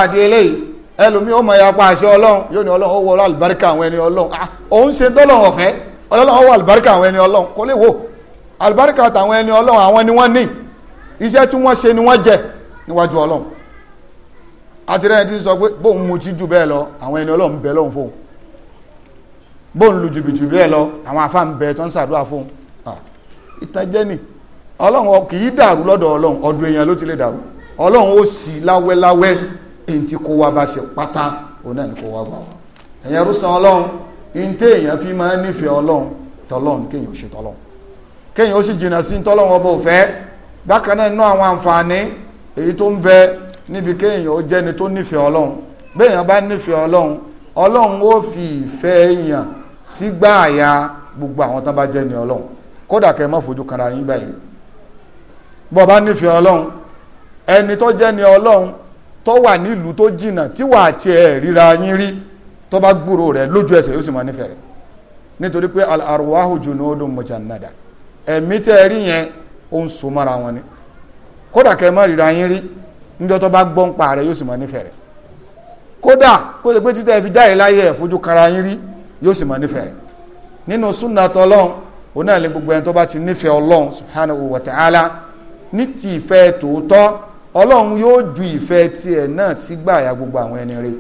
ẹlòmí ó mọ̀ ya pa àṣẹ ọlọ́run yóò ní ọlọ́run ó wọ alùbáríkà àwọn ẹni ọlọ́run ah, òun ṣe dọ́lọ́run ọ̀fẹ́ ọlọ́run ó wọ alùbáríkà àwọn ẹni ọlọ́run kò lè wò alùbáríkà àtàwọn ẹni ọlọ́run àwọn ni wọ́n ní iṣẹ́ tí wọ́n ṣe ni wọ́n jẹ níwájú ọlọ́run àti rẹ̀ ti sọ pé bóun mu ti jù bẹ́ẹ̀ lọ àwọn ẹni ọlọ́run bẹ lọ́hùn fóun bóun lu jìbìtì bẹ́ẹ̀ lọ àwọn afá ń bẹ tó ń ṣàdúrà fóun ah, ìtànjẹ́ ni ọlọ́run kì í dàrú lọ́dọ̀ ọlọ́run ọdún èyí tí kó wá bá ṣe pátá òun náà ni kó wá bá wa ẹ̀yẹ rúsan ọlọ́run ní tí èèyàn fi máa ń nífẹ̀ẹ́ ọlọ́run tọlọ́run kéèyàn ó ṣe tọlọ́run kéèyàn ó sì jìnnà sí tọlọ́run ọba òfẹ́ bákan náà nínú àwọn àǹfààní èyí tó ń bẹ níbi kéèyàn ó jẹ́ni tó nífẹ̀ẹ́ ọlọ́run béèyàn bá nífẹ̀ẹ́ ọlọ́run ọlọ́run ó fi ìfẹ́ èèyàn sígbà àyà gbogbo àwọn tó bá jẹ́ ni ọlọ́run kódà kẹ́ mọ́ fojú kanra yín báyìí bọ́ bá nífẹ̀ẹ́ ọlọ́run ẹni tó jẹ́ ni ọlọ́run tọwa wà nílùú tó tiwa tí wà àti ẹ̀ ríra yín rí tó bá gbúrò rẹ̀ lójú ẹsẹ̀ yóò sì máa nífẹ̀ẹ́ rẹ̀ nítorí pé al-arwahu junudun mujannada ẹ̀mí tẹ́ rí yẹn ó ń so mọ́ra wọn ni kódà kẹ́ má ríra yín rí níjọ́ tó bá gbọ́ ń pa rẹ̀ yóò sì máa nífẹ̀ẹ́ rẹ̀ kódà kó ọlọ́run yóò ju ìfẹ́ tiẹ̀ náà sígbà àyà gbogbo àwọn ẹni rẹ̀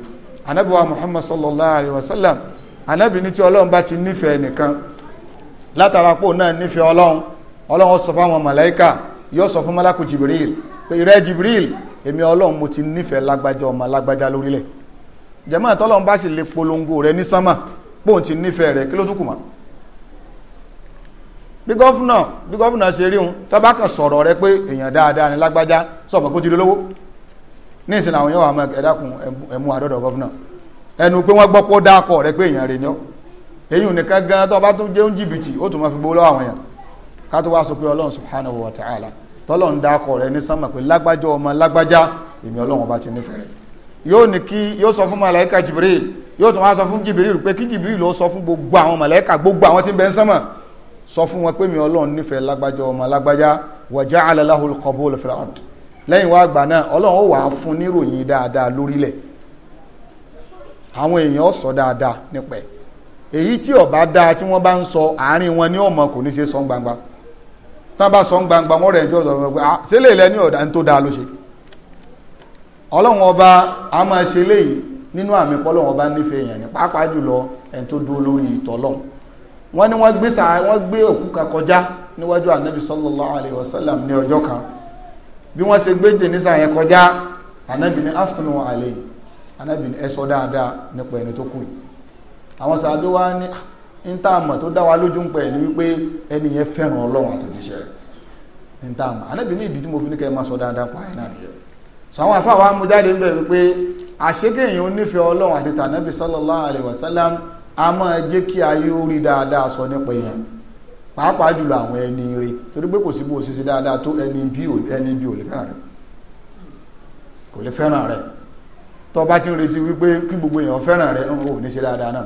anabi muhammad sallallahu alayhi wa sallam anabi ní tí ọlọ́run bá ti nífẹ̀ẹ́ nìkan látara pò náà nífẹ̀ẹ́ ọlọ́run ọlọ́run sọ fún àwọn màláíkà yóò sọ fún malaku jibril pé ìrẹ́ jibril èmi ọlọ́run mo ti nífẹ̀ẹ́ lágbájá ọmọ lágbájá lórílẹ̀ jẹ́mọ́ àtọ́lọ́run bá sì lè polongo rẹ̀ ní sánmà pòun ti nífẹ̀ẹ́ rẹ̀ kí ló tún kù mọ́ bí gọ́fúnà bí gọ́fúnà ṣe rí un tó bá sọ̀rọ̀ rẹ pé èèyàn dáadáa ni lágbájá sọ̀pọ̀ kó lówó ní ìsìn àwọn yóò àmọ́ ẹ̀dákun ẹ̀mú àdọ́dọ̀ gọ́fúnà ẹnu pé wọ́n gbọ́ dákọ̀ rẹ pé èèyàn rè ọ́ èyí gan bá tún jẹ́ jìbìtì ó tún máa fi gbowó lọ́wọ́ èèyàn ká tó wá sọ pé ọlọ́run wa ta'ala tọ́lọ́run dákọ̀ rẹ ní sánmà pé ti nífẹ̀ẹ́ yóò ní kí yóò sọ fún jibril yóò tún wá sọ fún jibril pé sọ fún wọn pé mi ọlọ́run nífẹ̀ẹ́ lágbájá ọmọ lágbájá wa ja'ala lahu al-qabula fil ard lẹ́yìn wá àgbà náà ọlọ́run ó wà á fún níròyìn dáadáa lórílẹ̀ àwọn èèyàn sọ dáadáa nípẹ́ èyí tí ó bá dáa tí wọ́n bá ń sọ àárín wọn ní ọmọ kò ní ṣe sọ gbangba tán bá sọ gbangba wọ́n rẹ̀ ń jọ sọ pé ah ṣé lè ọ̀dà ń tó dáa ló ṣe ọlọ́run ọba a máa ṣe léyìí nínú àmì pọ́lọ́run ọba nífẹ̀ẹ́ èèyàn ní pàápàá jùlọ ẹni tó dúró lórí ìtọ́lọ́run wọ́n ní wọ́n gbé sàá wọ́n gbé òkú kan kọjá níwájú ànábì sallallahu alayhi wa sallam ní ọjọ́ kan bí wọ́n ṣe gbé jẹ̀nísà yẹn kọjá ànábì ní afinu alayhi ànábì ní ẹ sọ dáadáa nípa ẹni tó kù yìí àwọn sàábé wá ní ìntàmà ah, tó dá wa lójú ń pẹ̀ ní wípé ẹni yẹn fẹ́ràn ọlọ́run àtòjíṣẹ́ rẹ̀ ìntàmà ní ìdí tí mo fi ní kẹ́ máa sọ dáadáa pa ẹ̀ náà nìyẹn so àwọn àfáà wa mú jáde ń bẹ̀ wípé àṣekéyìn onífẹ́ ọlọ́run àti tànábì sallallahu alayhi wa a máa jẹ́ kí ayé ó rí dáadáa sọ nípa èèyàn pàápàá jùlọ àwọn ẹni rẹ torí pé kò sí bó ṣiṣẹ́ dáadáa tó ẹni bí ẹni bí ò lè fẹ́ràn rẹ kò lè fẹ́ràn rẹ tó bá ti ń retí wípé kí gbogbo èèyàn fẹ́ràn rẹ ń ò ní ṣe dáadáa náà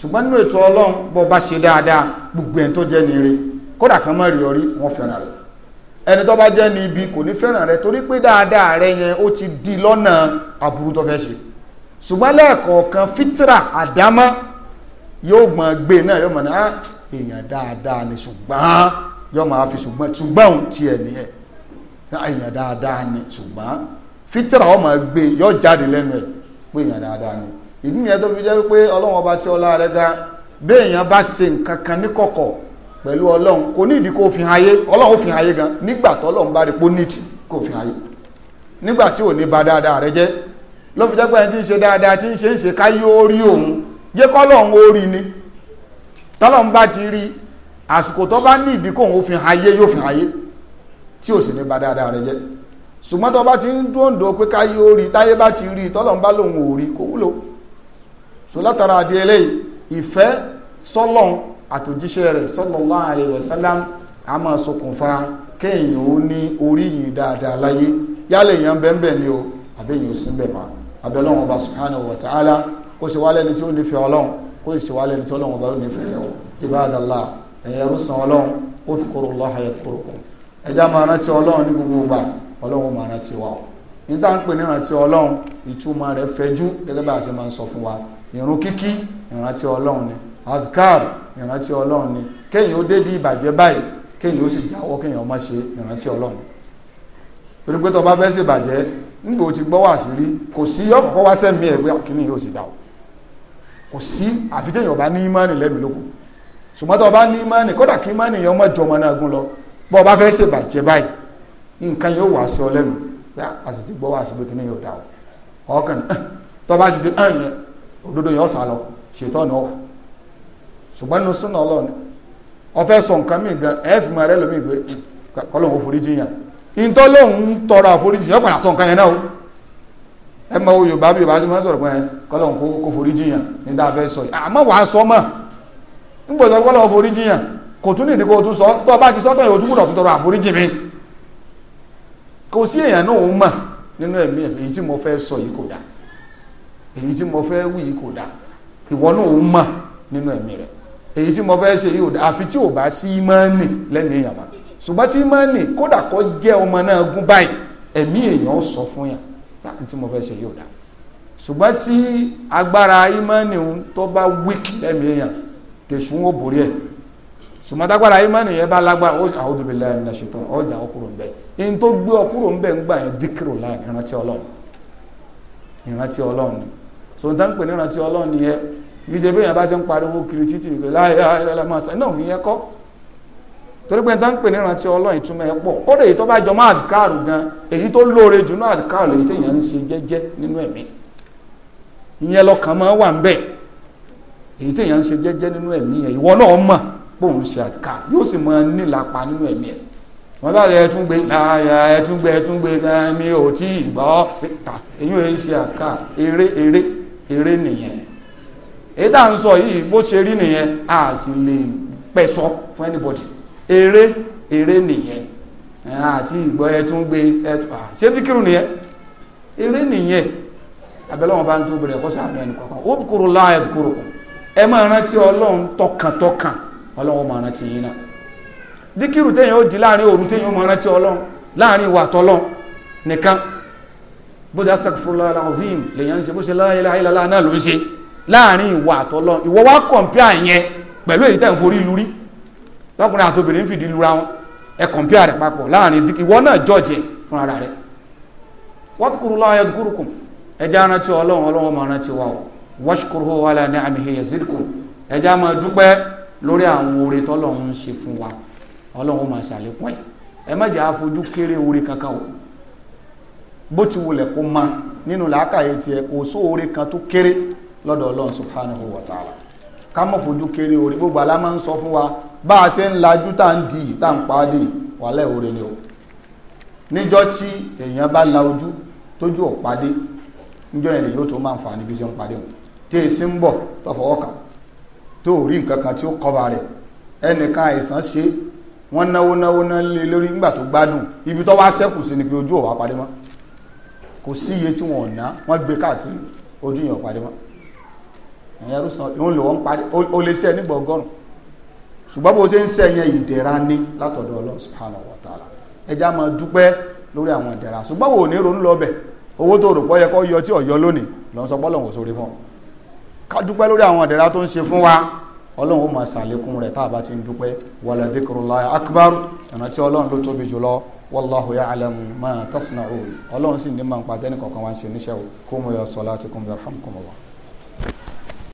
ṣùgbọ́n nínú ètò ọlọ́run bó bá ṣe dáadáa gbogbo ẹni tó jẹ́ ni rẹ kódà kan mọ́ rí ọrí wọ́n fẹ́ràn rẹ ẹni tó bá jẹ́ ni ibi kò ní fẹ́ràn rẹ torí pé dáadáa rẹ yẹn ó ti di lọ́nà aburú tó fẹ́ ṣe ṣùgbọ́n lẹ́ẹ̀kọ̀ọ̀kan fitra àdámá yóò gbọ́n gbé náà yóò mọ̀ náà ah, èèyàn dáadáa ni ṣùgbọ́n yóò máa fi ṣùgbọ́n ṣùgbọ́n tiẹ̀ nìyẹn ah, èèyàn dáadáa ni ṣùgbọ́n fitra ó máa gbé yóò jáde lẹ́nu ẹ̀ pé èèyàn dáadáa ni ìdí nìyẹn tó fi jẹ́ ọba tí ọlá ga bí èèyàn bá ṣe nǹkan kan ní ló fi jẹ́ pé ẹni tí ń ṣe dáadáa tí ń ṣe ń ṣe káyé orí òun jẹ́ kọ́lọ́hún orí ni tọ́lọ́hún bá ti rí àsìkò tó bá ní ìdí kóhun ó fi hayé yóò fi hayé tí ò sì ní ba dáadáa rẹ jẹ́ ṣùgbọ́n tó bá ti ń dúndò pé káyé orí táyé bá ti rí tọ́lọ́hún bá lòun ò rí kó wúlò so látara àdé eléyìí ìfẹ́ sọ́lọ́hún àtòjíṣẹ́ rẹ̀ sallallahu alaihi wasallam a máa ṣokùnfà kéèyàn ó o àbẹ́yìn ò sí bẹ́ẹ̀ máa abẹ́lọ́wọ́n ọba subhanahu wa ta'ala kó ṣe wá lẹ́ni tí ó nífẹ̀ẹ́ ọlọ́run kó ṣe wá lẹ́ni tí ọlọ́run ọba ó nífẹ̀ẹ́ rẹ̀ ibadallah ẹ̀yẹ rúsan ọlọ́run ó fi kúrò lọ́ha ẹ̀ kúrò kù ẹ̀dá máa rántí ọlọ́run ní gbogbo ìgbà ọlọ́run máa rántí wa o níta ń pè ní rántí ọlọ́run ìtumọ̀ rẹ̀ fẹ̀jú gẹ́gẹ́ bá a ṣe máa ń sọ fún wa ìrun kíkí ìrántí ọlọ́run ni adkar ìrántí nígbà ó ti gbọ́ wà sí rí kò sí ọkọ̀ọ̀kọ́ wá sẹ́mi ẹ̀wẹ́ àkíní ah, yóò sì dà ó kò sí àfi téèyàn bá ní ìmánì lẹ́mìí lóko ṣùgbọ́n tó bá ní ìmánì kódà kí ìmánì yẹn ọmọ jọ ọmọ náà gún lọ bọ́ ọba fẹ́ ṣèbàjẹ́ báyìí nǹkan yóò wá sí ọ lẹ́nu pé ah, a sì ti gbọ́ wá sí pé kíní yóò dà ó ọkàn ah, tó bá ti ti hàn yẹn òdodo yẹn ọ̀sà lọ ṣètọ́ náà wà ṣùgbọ́n nínú súnà ọlọ́ọ̀ni ọ fẹ́ sọ nǹkan míì gan ẹ̀ẹ́fì máa rẹ́ lómi ìgbé hmm, kọ́lọ́hún ìtọ́ lóun ń tọrọ àforíjì yọ padà sọ nǹkan yẹn náà o ẹ mọ o yorùbá bí yorùbá ṣe máa ń sọ̀rọ̀ pé kọ́lọ́n kó kó foríjì yàn ní tá a fẹ́ sọ yìí àmọ́ wàá sọ mọ́ ń gbọ́dọ̀ kọ́lọ́n foríjì yàn kò tún nìdí kó tún sọ tó o bá ti sọ pé o tún gbọ́dọ̀ tún tọrọ àforíjì mi ṣùgbọ́n tí mọ́nì kódà kọ́ jẹ́ ọmọ náà gún báyìí ẹ̀mí èèyàn ó sọ fún yàn láti tí mo fẹ́ ṣe yóò dá ṣùgbọ́n tí agbára ìmọ́nì tó bá wíkì lẹ́mí èèyàn tẹ̀sùn ó borí ẹ̀ ṣùgbọ́n tágbára ìmọ́nì yẹn bá lágbára ó a'udhu billahi minash shaitan ọjà ọkùnrin bẹ́ẹ̀ in tó gbé ọkùnrin bẹ́ẹ̀ ń gbà yẹn díkìrò láì ìrántí ọlọ́run ìrántí ọlọ́run ni so n tán pè ní ìrántí ọlọ́run ni yẹ ìjẹ́bẹ́yàn bá ṣe ń pariwo kiri torí pé tán ń pè níran tí ọlọ́run ìtumọ̀ ẹ̀ pọ̀ kódà èyí tó bá jọ máa àdìkáàrù gan èyí tó lóore jù náà àdìkáàrù lèyí téèyàn ń ṣe jẹ́jẹ́ nínú ẹ̀mí ìyẹn lọkàn máa wà ń bẹ̀ èyí téèyàn ń ṣe jẹ́jẹ́ nínú ẹ̀mí yẹn ìwọ náà mọ̀ pé òun ṣe àdìkáàrù yóò sì máa nílapa nínú ẹ̀mí ẹ̀ wọ́n bá yẹ ẹtún gbé ẹtún gbé ẹtún gbé mi ò tí ì gbọ́ èyí ò ṣe àdìkáàrù eré eré eré nìyẹn èyí tá à ń sọ yìí bó ṣe rí nìyẹn a sì lè eré eré nìyẹn àti ìgbọ́ ẹ tún gbé ẹ ṣé díkìrù nìyẹn eré nìyẹn abẹ́lẹ́wọ̀n bá ń tó bẹ̀rẹ̀ ẹ̀kọ́ sàánú ẹnì kọ̀ọ̀kan ó kúrò láà ẹ̀ kúrò kù ẹ máa rántí ọlọ́run tọkàntọkàn ọlọ́run máa rántí yín náà díkìrù téèyàn ó di láàrin òru téèyàn ó máa rántí ọlọ́run láàrin ìwà tọ́lọ́run nìkan bóde astagfurullah alazim lèyàn ń ṣe bó la ilaha illallah náà ló ń ṣe láàrin ìwà àtọ́lọ́ ìwọ tọkùnrin àti obìnrin lura wọn ẹ kọ̀mpíà rẹ̀ papọ̀ láàrin ìwọ náà jọ̀jì fún ara rẹ̀ ẹja rántí ọlọ́run ọlọ́run máa rántí wa o wọ́ṣukúrú wàlá ní àmì ẹ̀yẹ ẹja máa dúpẹ́ lórí àwọn oore tọ́lọ́run ń ṣe fún wa ọlọ́run máa ṣàlékún ẹ̀ ẹ má jẹ́ àfojú kéré oore kankan o bó ti wulẹ̀ kó ma nínú làákàyè tiẹ̀ kò só oore kan tó bá a ṣe ń lajú tá ń di tá ń pàdé wàhálà ìwúre ni o níjọ́ tí èèyàn bá la ojú tójú ò pàdé níjọ́ yẹn yóò tó máa ń fà níbi ṣe ń pàdé o tí èsì ń bọ̀ tó fọwọ́ kàn tó rí nǹkan kan tí ó kọ́ba rẹ̀ ẹnìkan àìsàn ṣe wọ́n náwó náwó náà lé lórí nígbà tó gbádùn ibi tó wá ṣẹ́kù sí ni pé ojú ò wá pàdé mọ́ kò sí iye tí wọn ò ná wọn gbé káàkiri ojú yẹn ò parí mọ́ ìyẹn ló san òun lò wọn parí o lè ṣe nígbà ọgọ́rùn ṣùgbọ́n bó ṣe ń sẹ́yìn ìdẹ̀ra ní látọ̀dọ̀ Ọlọ́run subhanahu wa ta'ala ẹja máa dúpẹ́ lórí àwọn ìdẹ̀ra ṣùgbọ́n wò ní ronú lọ́bẹ̀ owó tó rò pọ́ yẹ kó yọ tí ọ̀yọ́ lónìí lọ́n sọ bọ́lọ̀ wò sórí fún ká dúpẹ́ lórí àwọn ìdẹ̀ra tó ń ṣe fún wa Ọlọ́run ó máa ṣàlékún rẹ̀ tá a bá ti ń dúpẹ́ akbar